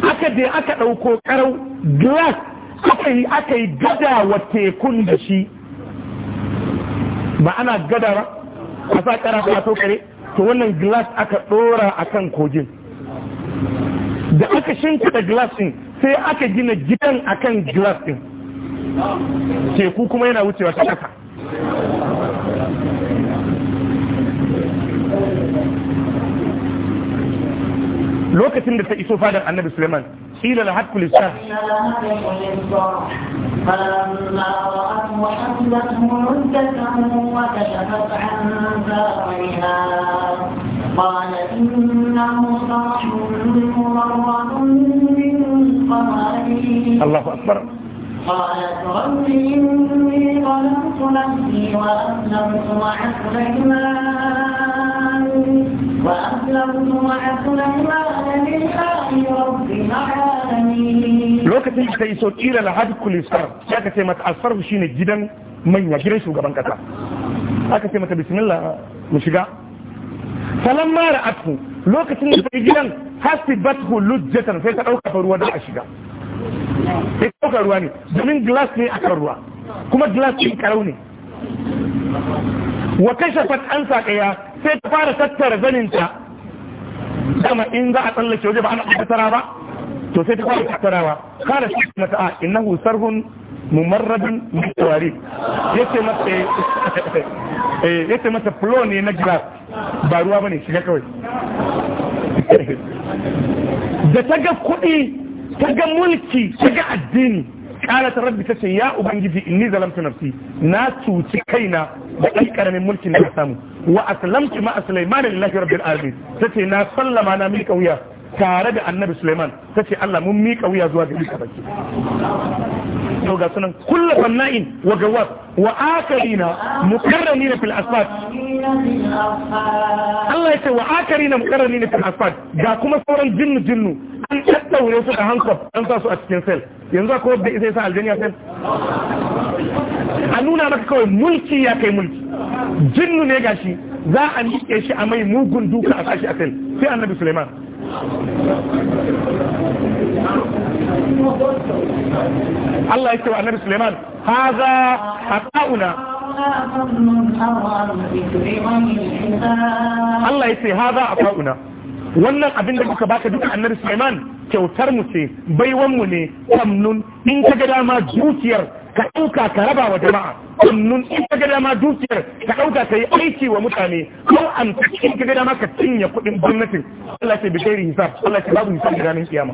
aka je aka ɗauko ƙarau glass aka yi aka yi gada wa tekun da shi ba ana gada ba a sa ƙara a kare to wannan glass aka ɗora a kan kogin da aka shimfiɗa glass ɗin sai aka gina gidan akan glass ɗin teku kuma yana wucewa ta ƙasa lokacin da ta iso fadar annabi suleiman قيل لها ادخل السهل قال إنه صرح ممرض من قمرين الله أكبر قالت رب إني ظلمت نفسي وأسلمت مع سليمان وأسلمت مع سليمان لله رب العالمين lokacin da yi sau la na hadu kulisar ya ka ce mata alfarhu shine gidan manya gidan shugaban kasa aka ce mata bismillah mu shiga falan mara atku lokacin da sai gidan hasti batku lujjatan sai ta ɗauka ruwa don a shiga sai ta ɗauka ruwa ne domin glass ne a kan ruwa kuma glass ɗin karau ne wa kai kashafat an saƙaya sai ta fara tattara zaninta dama in za a tsallake waje ba ana tattara ba to sai ta fara tattarawa kara shi kuma ta'a innahu sarhun mumarradin min tawari yace mata eh, yace mata flow ne na glass ba ruwa bane shiga kawai da ta ga kuɗi ta ga mulki ta ga addini kala ta rabbi ta ce ya ubangiji inni zalamtu nafsi na cuci kaina da ɗan ƙaramin mulkin da na samu wa aslamtu ma sulaiman lillahi rabbil alamin ta ce na sallama na mika wuya tare da annabi suleiman ta ce allah mun mika wuya zuwa gari ka baki to ga sunan kullu fanna'in wa gawwas wa akarina mukarramina fil asfat Allah ya ce wa akari na mukarrani ta Asfad. ga kuma sauran jinnu jinnu an ɗaɗɗaure su da hankop an sa su a cikin sel yanzu akwai wadda isa sa aljaniya sel a nuna maka kawai mulki ya kai mulki jinnu ne gashi za a nike shi a mai mugun duka a sashi a sel sai annabi suleiman Allah ya ce wa annabi suleiman haza haƙa'una Allah ya ce haza a fa'una wannan abin da kuka baka duka annabi Sulaiman kyautar mu ce baiwan mu ne kamnun in ka ga dama dukiyar ka ɗauka ka raba wa jama'a kamnun in ka ga dama dukiyar ka ɗauka ka yi aiki wa mutane ko an in ka ga dama ka cinye kuɗin gwamnatin Allah ce bishairi hisab Allah ce babu hisab da ranar kiyama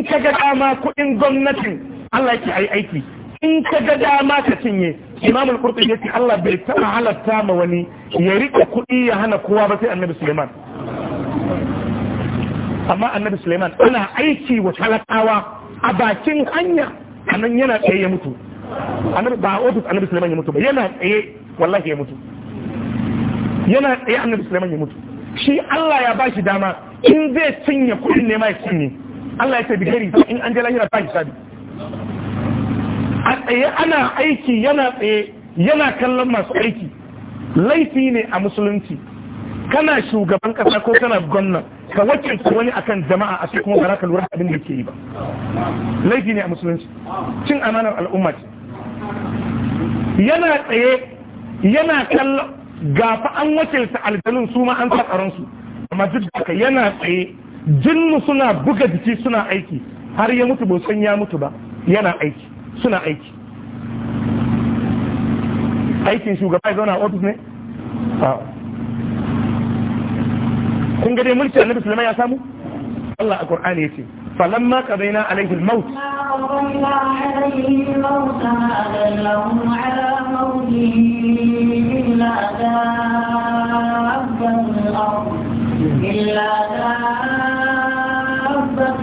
in ka ga dama kuɗin gwamnatin Allah yake yi aiki in ka ga dama ka cinye imamul qurtubi yace Allah bai taɓa halatta ma wani ya riƙa kuɗi ya hana kowa ba sai annabi Suleiman amma annabi Suleiman ana aiki wa talakawa a bakin hanya anan yana tsaye ya mutu annabi ba ofis annabi Suleiman ya mutu ba yana tsaye wallahi ya mutu yana tsaye annabi Suleiman ya mutu shi Allah ya bashi dama in zai cinye kuɗin ne ma ya cinye Allah ya ce bigari in an je lahira ta hisabi a tsaye ana aiki yana tsaye yana kallon masu aiki laifi ne a musulunci kana shugaban kasa ko kana gwamna ka wakilta wani akan jama'a a cikin kuma ka lura abin da ke yi ba laifi ne a musulunci cin amanar al'umma ce yana tsaye yana kallon gafa an wakilta aljanun su ma an sa tsaron su amma duk da yana tsaye jinnu suna buga jiki suna aiki har ya mutu bai san ya mutu ba yana aiki suna aiki aikin shugaba ya zauna a ofis ne kun gade mulki a nabi sulaiman ya samu Allah a Qur'ani yace falamma qadaina alaihi maut illa إلا دابة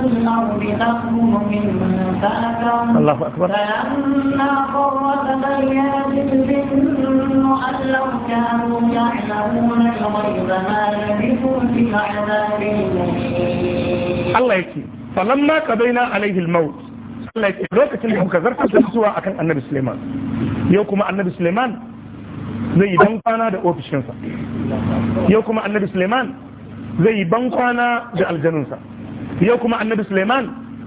الأرض تخرج من فاكم الله أكبر فلما قرت بيات الجن أن لو كانوا يعلمون الغيب ما لبثوا في العذاب الله يكفي فلما قضينا عليه الموت Allah ya lokacin da muka zartar da zuwa akan Annabi Suleiman yau kuma Annabi Suleiman zai yi dan kwana da ofishinsa yau kuma Annabi Suleiman zai ban kwana da aljanunsa yau kuma annabi suleiman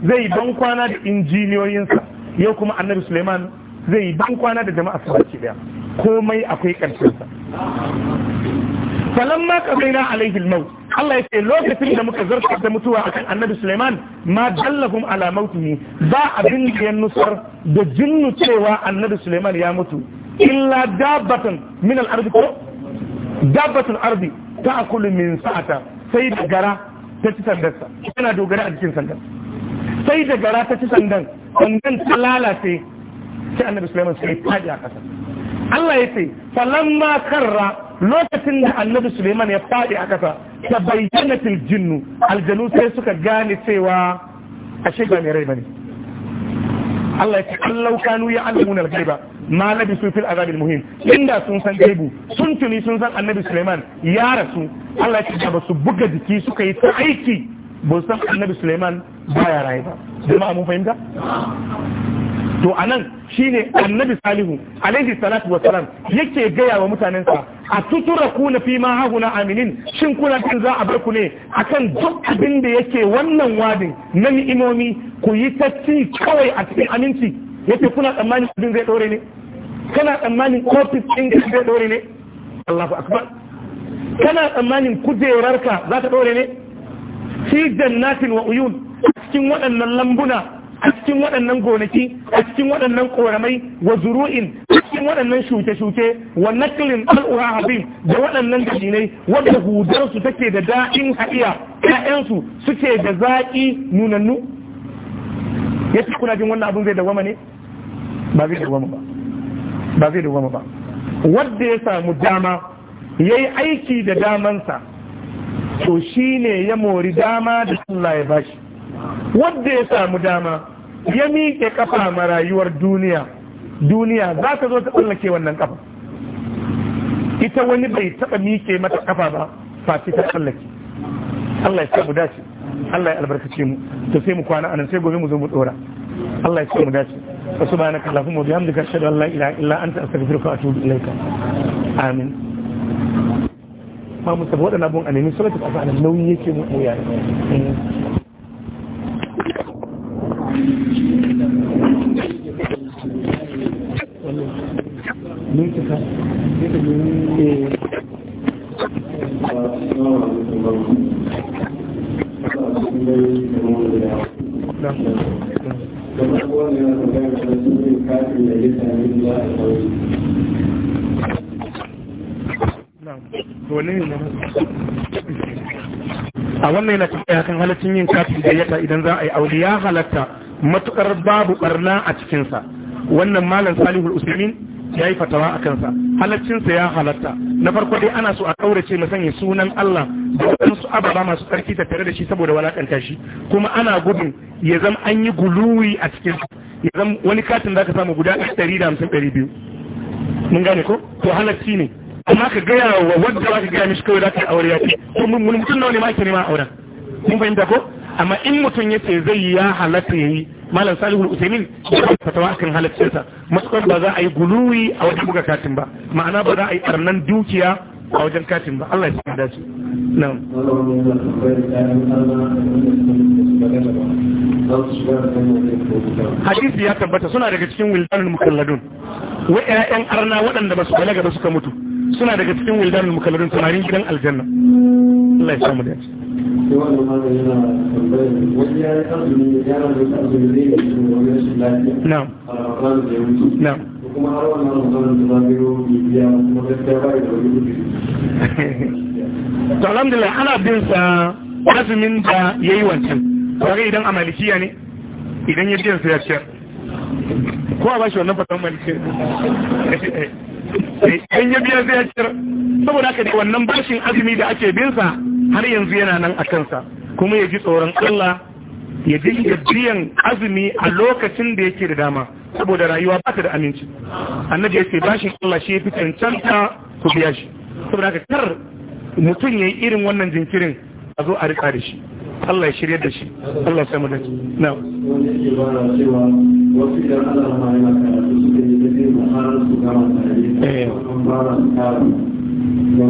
zai ban kwana da injiniyoyinsa yau kuma annabi suleiman zai ban kwana da jama'a su daya komai akwai ƙarshensa falan ma ka zaina alaihi maut Allah ya ce lokacin da muka zarta da mutuwa akan annabi Suleiman ma dallahum ala mautihi ba abin da ya nusar da jinnu cewa annabi Suleiman ya mutu illa dabbatan min al-ardi ko dabbatun ardi ta'kulu min sa'ata sai da gara ta ci sandarsa yana dogara a jikin sandan, sai da gara ta ci sandan sandan ta lalace sai annabi sulaiman sai faɗi a ƙasa Allah ya ce falamma karra lokacin da annabi suleiman ya faɗi a ƙasa ta bayyana jinnu aljanu sai suka gane cewa ashe ba mai rai bane Allah ya ce Allah kanu ya alamun algaiba ma labisu fil azabil muhim inda sun san gaibu sun tuni sun san annabi Suleiman ya rasu Allah ya ba su buga jiki suka yi ta aiki ba san annabi Suleiman ya raye ba jama'a mun fahimta to anan shine annabi salihu alaihi salatu wassalam yake gaya wa mutanensa a tutura na fi ma na aminin shin kuna kan za a bar ku ne akan duk abin da yake wannan wadin na ni'imomi ku yi ta kawai a cikin aminci yace kuna tsammanin abin zai dore ne kana tsammanin ofis ɗin da zai dore ne Allahu akbar kana tsammanin kujerarka za ta dore ne fi jannatin wa uyun cikin waɗannan lambuna a cikin waɗannan gonaki a cikin waɗannan koramai wa zuru'in a cikin waɗannan shuke-shuke wa naklin al'ura habib da waɗannan gajinai wadda hudarsu take da daɗin haɗiya 'ya'yansu suke da zaƙi nunannu ya ce kuna jin wannan abin zai dawama ne ba zai dawama ba ba zai dawama ba wadda ya samu dama ya yi aiki da damansa to shi ne ya mori dama da Allah ya bashi wadda ya samu dama ya miƙe kafa ma rayuwar duniya duniya za ka zo ta tsallake wannan kafa ita wani bai taɓa miƙe mata kafa ba fati ta tsallake Allah ya samu dace Allah ya albarkace mu to sai mu kwana anan sai gobe mu zo mu dora Allah ya ce mu dace wa subhanaka allahumma bihamdika ashhadu an la ilaha illa anta astaghfiruka wa atubu ilayka amin ma mu saboda nabun anemi suratul azan nauyi yake mu koyar lokacin yin katin gayyata idan za a yi aure ya halatta matukar babu barna a cikinsa wannan malam salihul usaimin ya yi fatawa a kansa halaccinsa ya halatta na farko dai ana so a kaurace mu sanya sunan Allah da waɗansu ababa masu tsarki tare da shi saboda walakanta shi kuma ana gudun ya zama an yi guluwi a cikin ya zama wani katin ka samu guda 150-200 mun gane ko to halacci ne amma ka gaya wa wadda ba ka gaya mishi kawai za ka yi aure ya ce ko mun mutum nawa ne ma ake nema auren kun fahimta ko amma in mutum ya ce zai ya halatta ya yi malam salihu usaimin ya ba fatawa akan halaccinsa matukar ba za a yi guluwi a wajen buga katin ba ma'ana ba za a yi ɓarnan dukiya a wajen katin ba Allah ya sa dace na'am hadisi ya tabbata suna daga cikin wildanul mukalladun wa ƴaƴan arna waɗanda ba su balaga ba suka mutu suna daga cikin wildanul mukalladun samarin gidan aljanna Allah ya sa mu dace sai wannan malam yana tambayar wani ya yi azumi ya da azumi da shi wani rashin lafiya a da ya kuma har wannan ramadan da bibiya kuma gaskiya ba da wani wuce to alhamdulillah ana bin sa azumin da ya yi wancan kwarai idan a malikiya ne idan ya biyan sai ya ko a bashi wannan fatan malikiya eh, eh. idan ya biyan saboda ne wannan bashin azumi da ake binsa har yanzu yana nan a kansa kuma ya ji tsoron Allah ya dinga biyan azumi a lokacin da yake da dama saboda rayuwa ba ta da aminci annabi ya ce bashin Allah shi ya fi cancanta ku biya shi saboda haka kar mutum ya yi irin wannan jinkirin a zo a rika da shi Allah ya shirya da shi Allah ya samu da shi na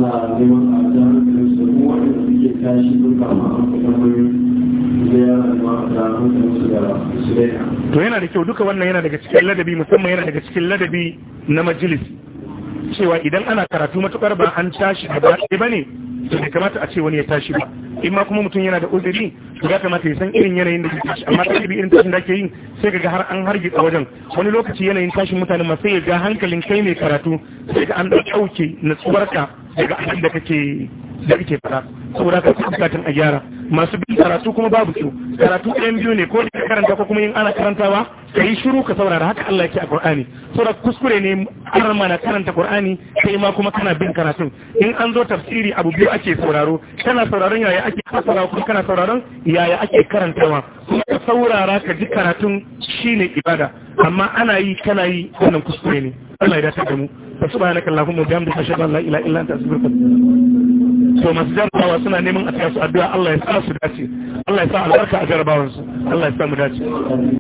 wasu ta shi duka to yana da kyau duka wannan yana daga cikin ladabi musamman yana daga cikin ladabi na majalisi cewa idan ana karatu matukar ba an tashi gaba ɗaya ba ne to bai kamata a ce wani ya tashi ba in ma kuma mutum yana da uzuri to ya kamata ya san irin yanayin da ke tashi amma kai bi irin tashin da ke yi sai kaga har an harge a wajen wani lokaci yanayin tashin mutane ma sai ga hankalin kai mai karatu sai ka an ɗauke natsuwarka daga abin da kake da kake fara saboda ka fi a gyara masu bin karatu kuma babu su karatu ɗayan biyu ne ko da karanta ko kuma yin ana karantawa ka yi shiru ka saurara haka Allah yake a Qur'ani saboda kuskure ne har mana karanta Qur'ani sai ma kuma kana bin karatun in an zo tafsiri abu biyu ake sauraro kana sauraron yaya ake fassara kuma kana sauraron yaya ake karantawa kuma ka saurara ka ji karatun shine ibada amma ana yi kana yi wannan kuskure ne Allah ya dace da mu subhanakallahumma wa bihamdika ashhadu an la ilaha illa anta astaghfiruka wa atubu ilaik so masu jarabawa suna neman a su addu'a Allah ya sa su dace Allah ya sa albarka a jarabawansu Allah ya sa mu dace